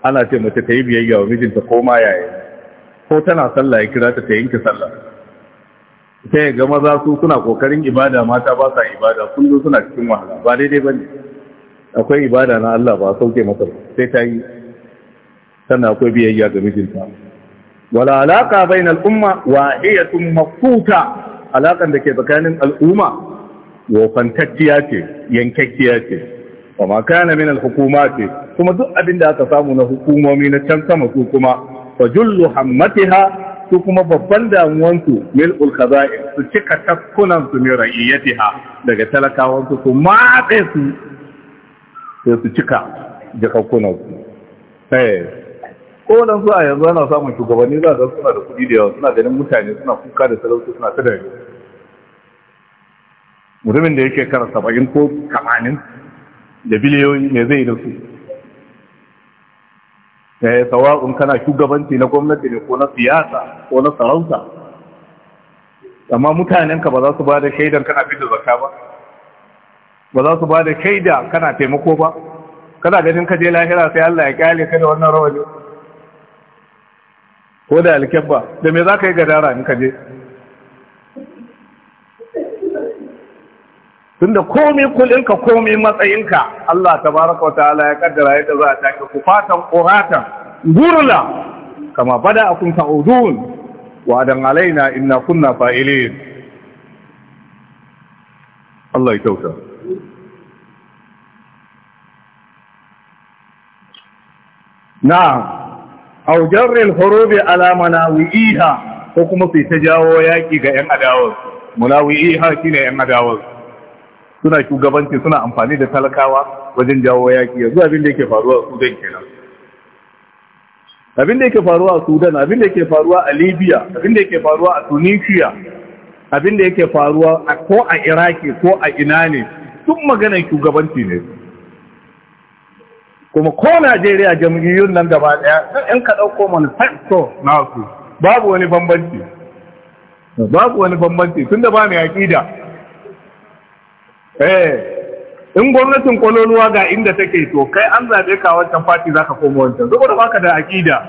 ana ce mace ta yi biyayya wa mijinta ko ma yaya ko tana sallah ya kira ta ta yanke sallah yi ga maza su suna kokarin ibada mata ba sa ibada kullum suna cikin wahala ba daidai ba ne akwai ibada na Allah ba sauke masa sai ta yi sannan akwai biyayya ga mijinta wala alaka bain al'umma wahiyatun mafuta alakan da ke tsakanin al'umma fantacciya ce yankakkiya ce wa ma kana min al ce kuma duk abin da aka samu na hukumomi na can sama su kuma fajullu hammatiha su kuma babban damuwansu mil ulkaza'i su cika takkunan su ne ha daga talakawansu su su matse su sai su cika jakakkunan su eh kowanan su a yanzu ana samun shugabanni za ga suna da kuɗi da yawa suna ganin mutane suna kuka da talauci suna ta dare mutumin da yake kara saba'in ko kamanin da biliyoyi ne zai da su eh sawa'un kana shugabanci na gwamnati ne ko na siyasa ko na sarauta amma mutanenka ba za su ba da shaidan kana da zakka ba ba za su ba da shaida kana taimako ba kana ganin ka je lahira sai Allah ya kyale ka da wannan rawani ko da alkebba da me za ka yi gadara in ka je tunda komai kulinka komai matsayinka Allah tabaraka wataala ya kaddara yadda za a take ku fatan quratan gurla kama bada akun ta'udun wa dan alaina inna kunna fa'ilin Allah ya kyauta na'am aw jarri al alama ala manawi'iha ko kuma sai ta jawo yaƙi ga yan adawar shi shine yan adawar suna shugabanci suna amfani da talakawa wajen jawo yaƙi yanzu abin da yake faruwa a sudan kenan abin da yake faruwa a sudan abin da yake faruwa a libya abin da yake faruwa a tunisia abin da yake faruwa a ko a iraki ko a ina ne sun maganar shugabanci ne kuma ko najeriya jam'iyyun nan gaba daya in ka ɗauko manifesto nasu babu wani bambanci babu wani bambanci tun da ba mai aƙida eh in gwamnatin kwaloluwa ga inda take to kai an zaɓe ka wancan fati zaka koma wancan zuba da baka da aƙida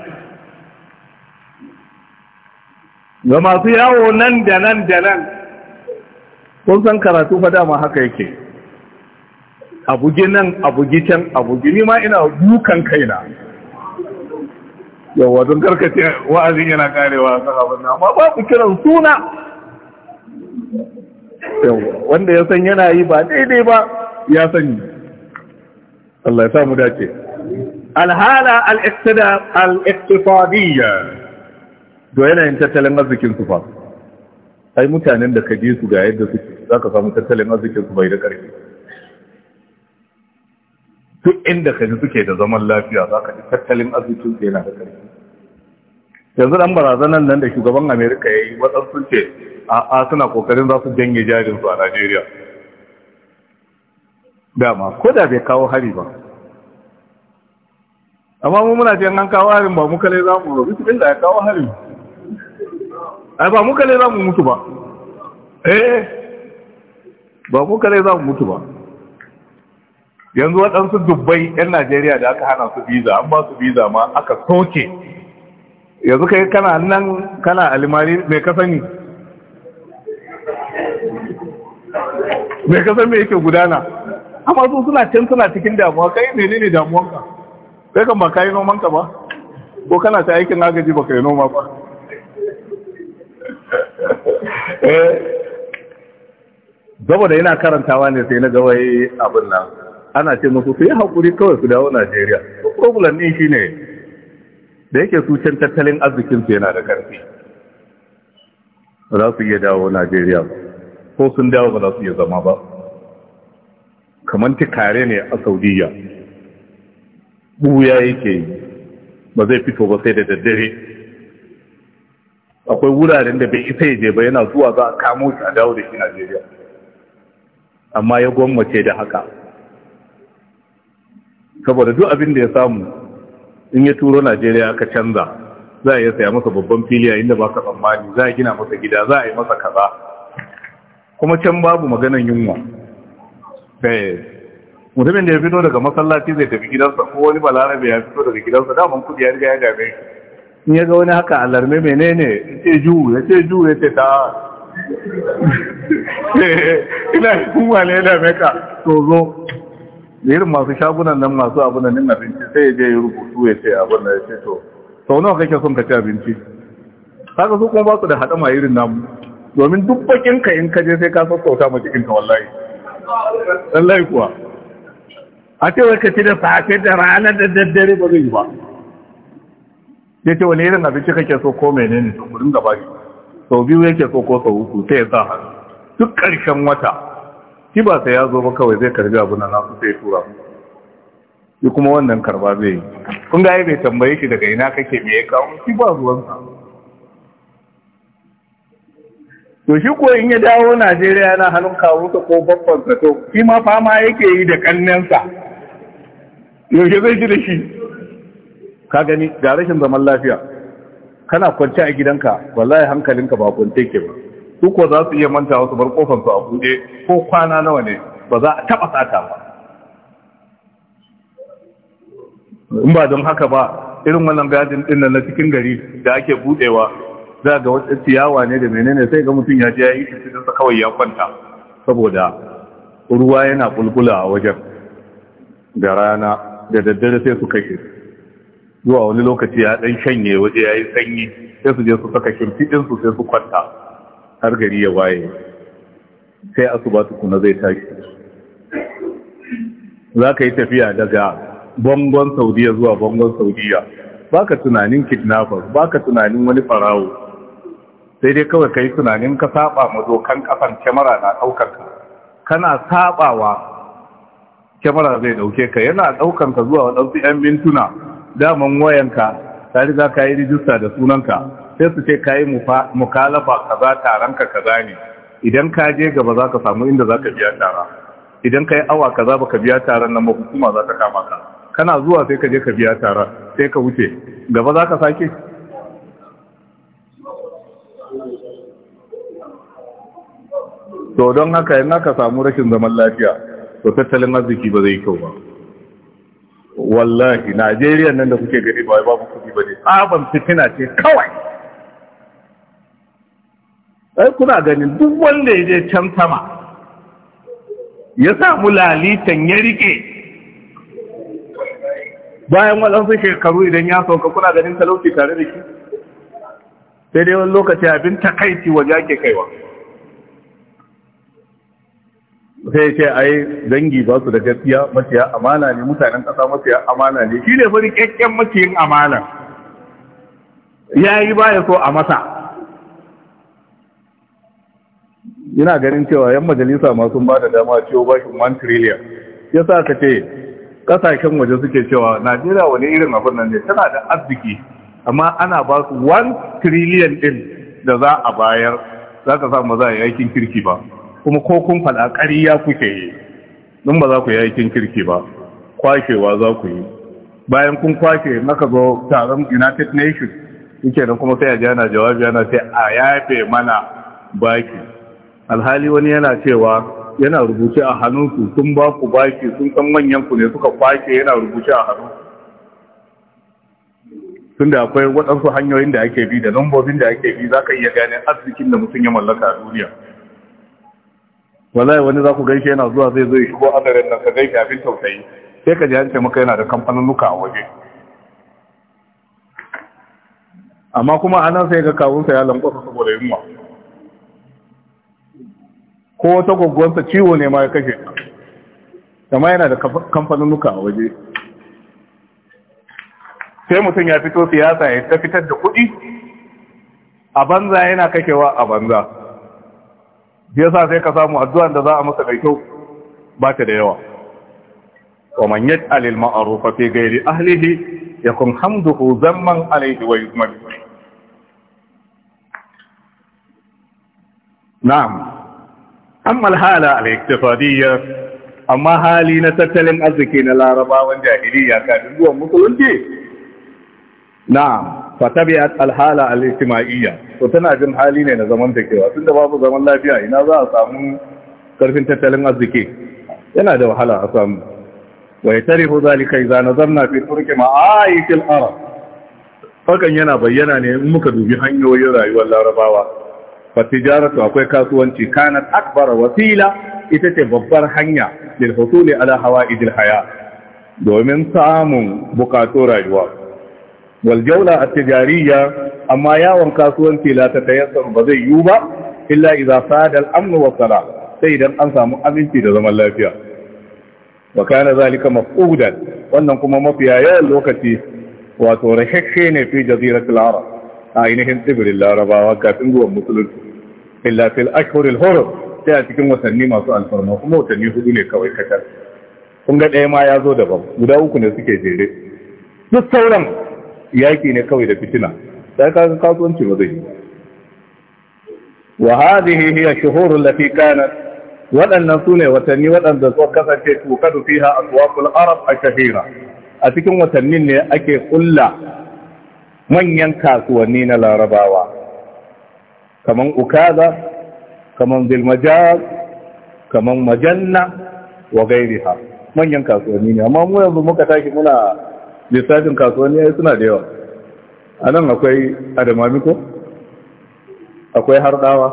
ga masu yawo nan da nan da nan kun san karatu fa dama haka yake a bugi nan a bugi can a bugi ni ma ina dukan kaina yawa don karkace wa'azin yana karewa sahabin amma ba kiran suna wanda ya san yana yi ba daidai ba ya sani Allah ya samu dace alhala al-iqtida al Do yana yanayin tattalin arzikin su fa ai mutanen da ka je su ga yadda suke zaka samu tattalin arzikin su bai da karfi duk inda ka ji suke da zaman lafiya zaka ji tattalin arzikin su yana da karfi yanzu dan barazanan nan da shugaban Amerika yayi wadansu ce a suna kokarin za su janye jarinsu a najeriya dama ko da bai kawo hari ba amma mu muna jin an kawo harin ba mu kale za mu rubu cikin da ya kawo harin ai ba mu kale za mu mutu ba eh ba mu kale za mu mutu ba yanzu waɗansu dubbai 'yan najeriya da aka hana su biza an ba su biza ma aka soke yanzu kai kana nan kana alimari mai kasani mai kasar me yake gudana amma su suna can suna cikin damuwa kai ne ne damuwanka Sai kan ba kayi nomanka ba ko kana ta aikin agaji ba kai noma ba eh, saboda yana karantawa ne sai na yi abin nan ana ce musu su yi haƙuri kawai su dawo najeriya problem ɗin shi ne da yake su can tattalin su yana da ƙarfi za su iya dawo najeriya ba ko sun dawo ba za su iya zama ba kamar tikare ne a saudiya buya yake yi ba zai fito ba sai da daddare akwai wuraren da bai isa ya je ba yana zuwa za a kamo shi a dawo da shi najeriya amma ya gwammace da haka saboda duk abin da ya samu in ya turo najeriya aka canza za a iya saya masa babban filiya inda ba ka tsammani za a gina masa gida za a yi masa kaza kuma can babu maganan yunwa eh, mutumin da ya fito daga masallaci zai tafi gidansa ko wani balarabe ya fito daga gidansa damar kudi ya riga ya dame in ya ga wani haka alarme menene ya ce ju ya ce ju ya ce ta eh, ina kuma ne da meka to zo irin masu shagunan nan masu abunan nan abinci sai ya je ya rubutu ya ce abin da ya ce to sau nawa kake son ka ci abinci haka su kuma ba su da haɗama irin namu domin duk bakin ka in kaje sai ka sassauta ma cikin wallahi wallahi kuwa a ce wai ka ci da safe da rana da daddare ba zai yi ba ya ce wani irin abinci kake so ko menene sun ku dinga baki sau biyu yake so ko sau uku sai ya sa hannu duk ƙarshen wata shi ba sai ya zo ba kawai zai karbi abu na nasu sai tura mu shi kuma wannan karba zai yi kun ga bai tambaye shi daga ina kake me ya kawo shi ba zuwansa to shi ko in ya dawo Najeriya yana hannun kawunsa ko babban to shi ma fama yake yi da kannensa yaushe zai ji da shi ka gani ga rashin zaman lafiya kana kwance a gidanka wallahi hankalinka ba kwance ke ba Duk ko za su iya manta wasu bar su a buɗe ko kwana nawa ne ba za a taɓa sata ba in ba don haka ba irin wannan gadin ɗin na cikin gari da ake buɗewa za ga wasu ciyawa ne da menene sai ga mutum ya je ya yi cikinsa kawai ya kwanta saboda ruwa yana bulbula a wajen da rana da daddare sai su kashe zuwa wani lokaci ya dan shanye waje ya yi sanyi sai su je su saka su sai su kwanta har gari ya waye sai asuba tukuna zai tashi za ka yi tafiya daga bangon saudiya zuwa bangon saudiya baka tunanin kidnappers baka tunanin wani farawo sai dai kawai ka yi tunanin ka saba ma dokan kasan kyamara na ɗaukar ka kana sabawa kyamara zai ɗauke ka yana ɗaukar ka zuwa wadansu 'yan mintuna daman wayanka ta za ka yi rijista da sunanka sai su ce ka yi mukalafa kaza taronka kaza ne idan ka je gaba za ka samu inda za ka biya tara idan ka yi awa kaza ba ka biya taron nan hukuma za ta kama ka kana zuwa sai ka je ka biya tara sai ka wuce gaba za ka sake to don haka yin aka samu rashin zaman lafiya to tattalin arziki ba zai kyau ba wallahi najeriya nan da kuke gani ba babu kudi ba ne tsaban fitina ce kawai ai kuna ganin duk wanda ya je can sama ya samu lalitan ya rike bayan waɗansu shekaru idan ya sauka kuna ganin talauci tare da shi sai dai wani lokaci abin takaici waje ake kaiwa sai ce ai dangi ba su da gaskiya maciya amana ne mutanen ƙasa maciya amana ne shi ne fari kyakkyan maciyin amana ya yi baya so a masa ina ganin cewa yan majalisa masu ba da dama ciwo bashin 1 trillion ya sa ka ce ƙasashen waje suke cewa najeriya wani irin abin nan ne tana da arziki amma ana ba su 1 trillion din da za a bayar za ka samu za a aikin kirki ba kuma ko kun faɗa ƙariya kuke yi don ba za ku yi aikin kirki ba kwashewa za ku yi bayan kun kwashe maka zo taron united nations yake da kuma sai a jana jawabi yana sai a yafe mana baki alhali wani yana cewa yana rubuce a hannunsu sun ba ku baki sun san manyanku ne suka kwake yana rubuce a hannu tun da akwai waɗansu hanyoyin da ake bi da lambobin da ake bi za ka iya gane arzikin da mutum ya mallaka a duniya wallahi wani za ku gaishe yana zuwa zai zo ya shigo azarin nan ka gaishe abin tausayi sai ka ji an ce maka yana da luka a waje amma kuma anan sai ga kawunsa ya lankwasa saboda yunwa ko wata gwaggwansa ciwo ne ma ya kashe amma yana da luka a waje sai mutum ya fito siyasa ya ta fitar da kuɗi a banza yana kashewa a banza shi yasa sai ka samu addu'an da za a masa mai kyau ba ta da yawa wa man yaj'al al ma'rufa fi ghairi ahlihi yakun hamduhu zamman alayhi wa yuzman na'am amma al hala al iktifadiyya amma hali na tattalin arziki na larabawan jahiliya kafin zuwan musulunci Na fata alhala al to tana jin hali ne na zaman da tun tunda babu zaman lafiya ina za a samu karfin tattalin arziki yana da wahala a samu wa yatarihu zalika idza nazarna fi turki ma'ayit al-arab hakan yana bayyana ne in muka dubi hanyoyin rayuwar larabawa fa tijaratu akwai kasuwanci kanat akbar wasila ita ce babbar hanya lil husuli ala hawa'idil haya domin samun bukatun rayuwa wal jawla at-tijariyya amma yawon kasuwanci latata ta ba zai yiwu ba illa idza sada al-amn sai idan an samu aminci da zaman lafiya wa kana zalika mafqudan wannan kuma mafiya yawan lokaci wato rahakke ne fi jaziratul arab ainihin tsibirin larabawa kafin zuwan musulunci illa fil ashhuril hurum sai a cikin watanni masu alfarma kuma watanni ne kawai ɗaya ma ya zo daban guda uku ne suke jere duk sauran yaki ne kawai da fitina sai kaga kasuwanci ba zai yi wa hadhihi hiya shuhurul lati kanat waɗannan su ne watanni waɗanda suka kasance tukadu fiha aswaqul arab ashhira a cikin watannin ne ake kulla manyan kasuwanni na larabawa kaman ukaza kaman zilmajaz kaman majanna wa gairiha manyan kasuwanni ne amma mu yanzu muka tashi muna lissafin kasuwanni ya suna da yawa a nan akwai adamamiko akwai harɗawa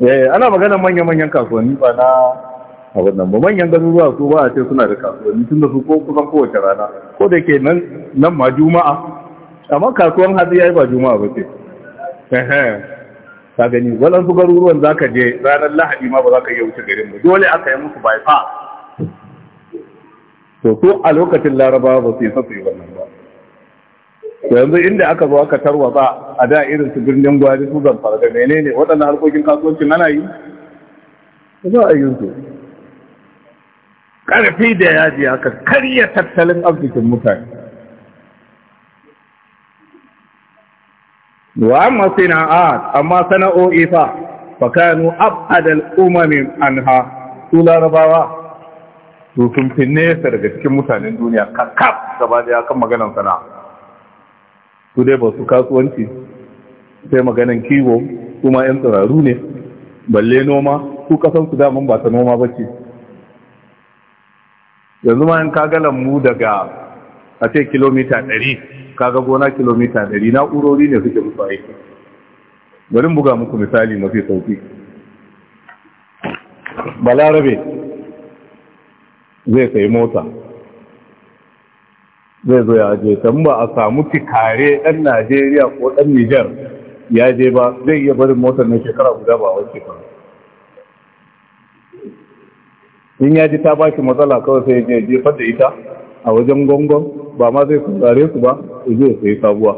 yaya eh, eh, ana magana manya-manyan kasuwanni ba na abin nan ba manyan garuruwa su ba a ce suna da kasuwanni tun da su ko kusan kowace rana ko da ke nan ma juma'a amma kasuwan hadu ya yi ba juma'a ba ce Ta gani waɗansu garuruwan za ka je ranar lahadi ma ba za ka iya wuce garin ba dole aka yi musu bypass to a lokacin laraba ba su yi sassu yi wannan ba yanzu inda aka zo aka tarwa ba a da irin su birnin gwari su fara da menene waɗannan harkokin kasuwancin ana yi za a yi su ƙarfi da yaji haka karya tattalin arzikin mutane wa amma sana'at amma sana'o'i fa fa kanu abadal umamin anha su larabawa su sun fi nesa daga cikin mutanen duniya kakaf gaba da ya kan maganan sana'a su dai ba su kasuwanci sai maganan kiwo kuma 'yan tsararru ne balle noma su kasansu daman ba ta noma ba ce yanzu ma yin kagalan mu daga a ce kilomita 100 kaga gona kilomita 100 na'urori ne suke musu aiki bari buga muku misali mafi sauki balarabe zai sayi mota zai zo ya je can ba a samu fikare ɗan najeriya ko ɗan nijar ya je ba zai iya barin motar na shekara guda ba wacce shekara in ya ji ta ba shi matsala kawai sai ya jefar da ita a wajen gongon ba ma zai tsare su ba zai sai sabuwa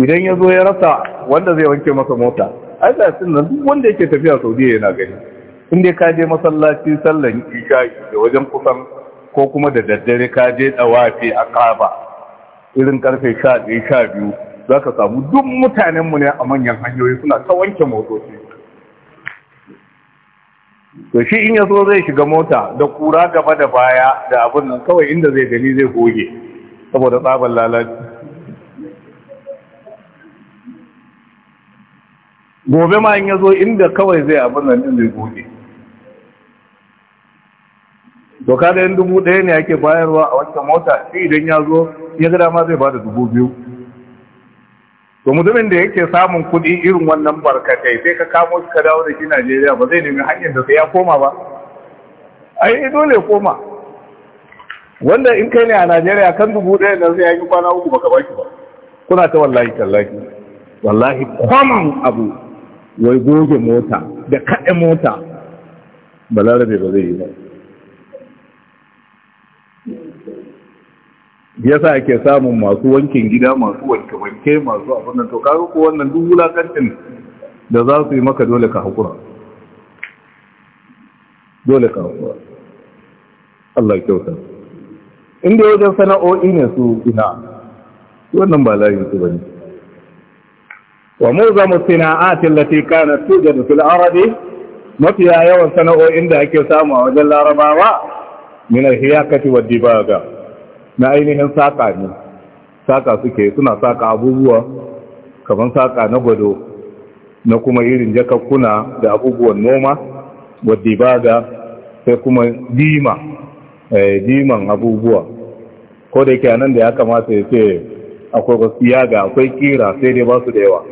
idan ya zo ya rasa wanda zai wanke masa mota ai da nan duk wanda yake tafiya saudiya yana gani inda ka je masallaci sallan isha'i da wajen kusan ko kuma da daddare ka je dawafi a kaba irin karfe 11 sha biyu za ka samu duk mutanenmu ne a manyan hanyoyi suna ta wanke motoci to shi in zo zai shiga mota da kura gaba da baya da abin nan kawai inda zai gani zai goge saboda tsabar lalaci gobe ma in yazo inda kawai zai abin nan zai goge to da yan dubu ɗaya ne ake bayarwa a wancan mota shi idan ya zo ya gada dama zai bada dubu biyu to mutumin da yake samun kuɗi irin wannan barkatai sai ka kamo shi ka dawo da shi Najeriya ba zai nemi hanyar da sai ya koma ba ai dole ne koma wanda in kai ne a Najeriya kan dubu ɗaya nan zai yi kwana uku baka baki ba kuna ta wallahi tallahi wallahi kwaman abu wai goge mota da kaɗe mota balarabe ba zai yi ba Ya sa ake samun masu wankin gida masu wanke wanke masu abin to kaga ko wannan duk wulakancin da za su yi maka dole ka hakura dole ka hakura Allah kyauta inda wajen sana'o'i ne su ina wannan ba layin su bane wa muzamu sana'atin lati kanat tujadu fil arabi mafiya yawan sana'o'in da ake samu a wajen larabawa min al-hiyakati wad dibaga na ainihin saƙa ne saƙa suke suna saƙa abubuwa kamar saƙa na gwado na kuma irin jakakkuna da abubuwan noma wadda ba da sai kuma dima eh, diman abubuwa ko da yake nan da ya kamata ya ce akwai wasu ga akwai kira sai dai ba su da yawa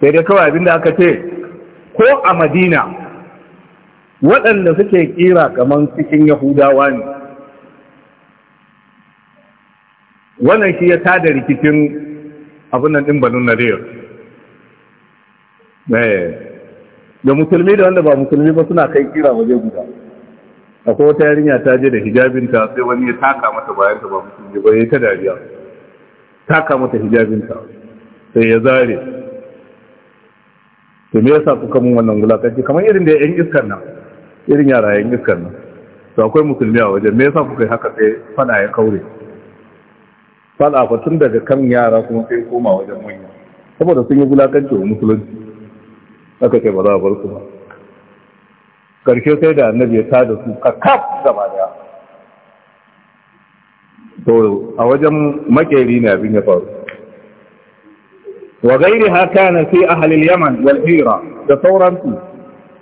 sai dai kawai abinda aka ce ko a madina waɗanda suke kira kamar cikin yahudawa ne wannan shi ya tada rikicin abin nan din banu nadir eh, da musulmi da wanda ba musulmi ba suna kai kira waje guda akwai wata yarinya ta je da hijabinta sai wani ya taka mata bayan ta ba musulmi ba ya ta dariya taka mata hijabinta sai ya zare to me yasa kuka mun wannan wulakanci kamar irin da yan iskar nan irin yara yan iskar nan to akwai musulmi a wajen me yasa kuka yi haka sai fada ya kaure falafa tun daga kan yara kuma sai koma wajen manya saboda sun yi wulakanci wa musulunci aka ce ba za a bar su ba karshe sai da annabi ya tada su kaf gaba da to a wajen makeri ne abin ya faru wa gairi ha kana fi ahalil yaman wal hira da sauransu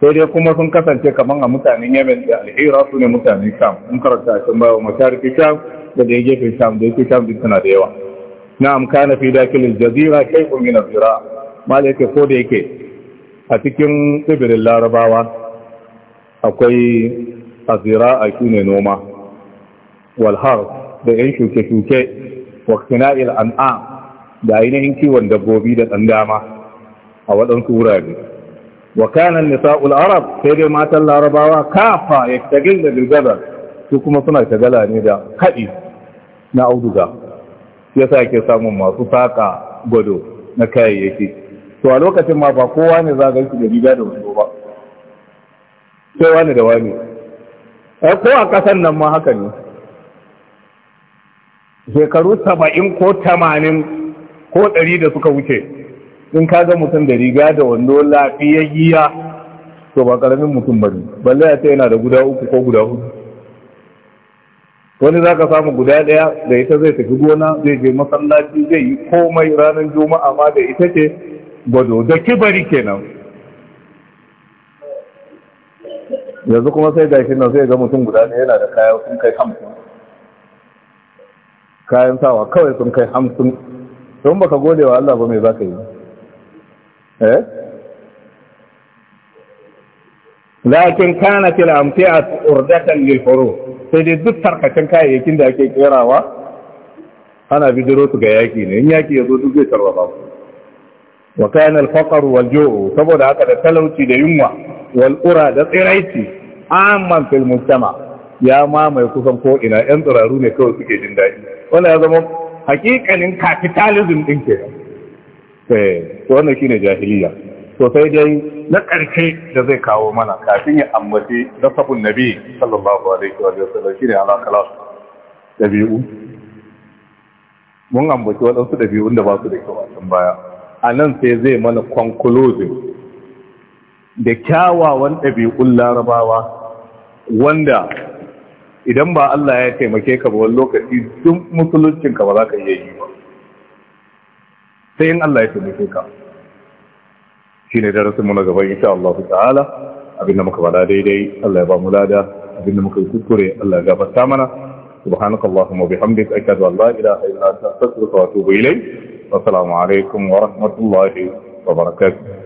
sai dai kuma sun kasance kamar a mutanen yemen da alhira su ne mutanen sham in karanta a cikin bayan mashariki sham da da ya gefe sham da yake sham duk suna da yawa Na na'am kana fi dakilin jazira kai kun yana zira da yake ko da yake a cikin tsibirin larabawa akwai zira a shi ne noma Walhar da yan shuke shuke wa an'a da ainihin kiwon dabbobi da ɗan dama a waɗansu wurare wa kana nisa'ul arab sai dai matan larabawa kafa yaktagilna da Gilgaza? su kuma suna tagala ne da kadi na auduga yasa ke samun masu saƙa gwado na kayayyaki to a lokacin ma ba kowa ne za ga shi da riga da wando ba sai wani da wani ai eh, ko a kasan nan ma haka ne shekaru saba'in ko tamanin ko ɗari da suka wuce in ka ga mutum da riga da wando lafiyayya to ba karamin mutum bane balle ya ce yana da guda uku ko guda hudu wani za ka samu guda ɗaya da ita zai tafi gona zai je masallaci zai yi komai ranar juma'a ma da ita ce gwado da kibari kenan yanzu kuma sai ga shi nan sai ga mutum guda ne, yana da kaya sun kai hamsin kayan sawa kawai sun kai hamsin don baka gode wa Allah ba mai za ka yi Eh? lakin kana fil amti'a urdatan lil huru sai dai duk tarkacin kayayyakin da ake kerawa ana bidiro su ga yaki ne in yaki yazo duk zai tarwaba su wa kana al faqr saboda haka da talauci da yunwa wal'ura da tsiraici amman fil mujtama ya mamaye kusan ko ina yan tsiraru ne kawai suke jin daɗi wannan ya zama hakikanin capitalism din kenan eh to wannan shine jahiliya to sai dai na karke da zai kawo mana kafin ya da nasabun nabi sallallahu alaihi wa sallam shine ala kalas dabi'u mun ambaci waɗansu dabi'un da ba su da kyau a can baya a nan sai zai mana conclusion da kyawawan ɗabi'un larabawa wanda idan ba Allah ya taimake ka ba wani lokaci duk musuluncinka ba za ka iya yi ba sai in Allah ya taimake ka ne darasin mu na gaba insha Allah ta'ala abinda muka bada daidai Allah ya ba mu lada abinda muka yi kuskure Allah ya gafarta mana سبحانك اللهم وبحمدك أشهد أن لا إله إلا أنت أستغفرك وأتوب إليك والسلام عليكم ورحمة الله وبركاته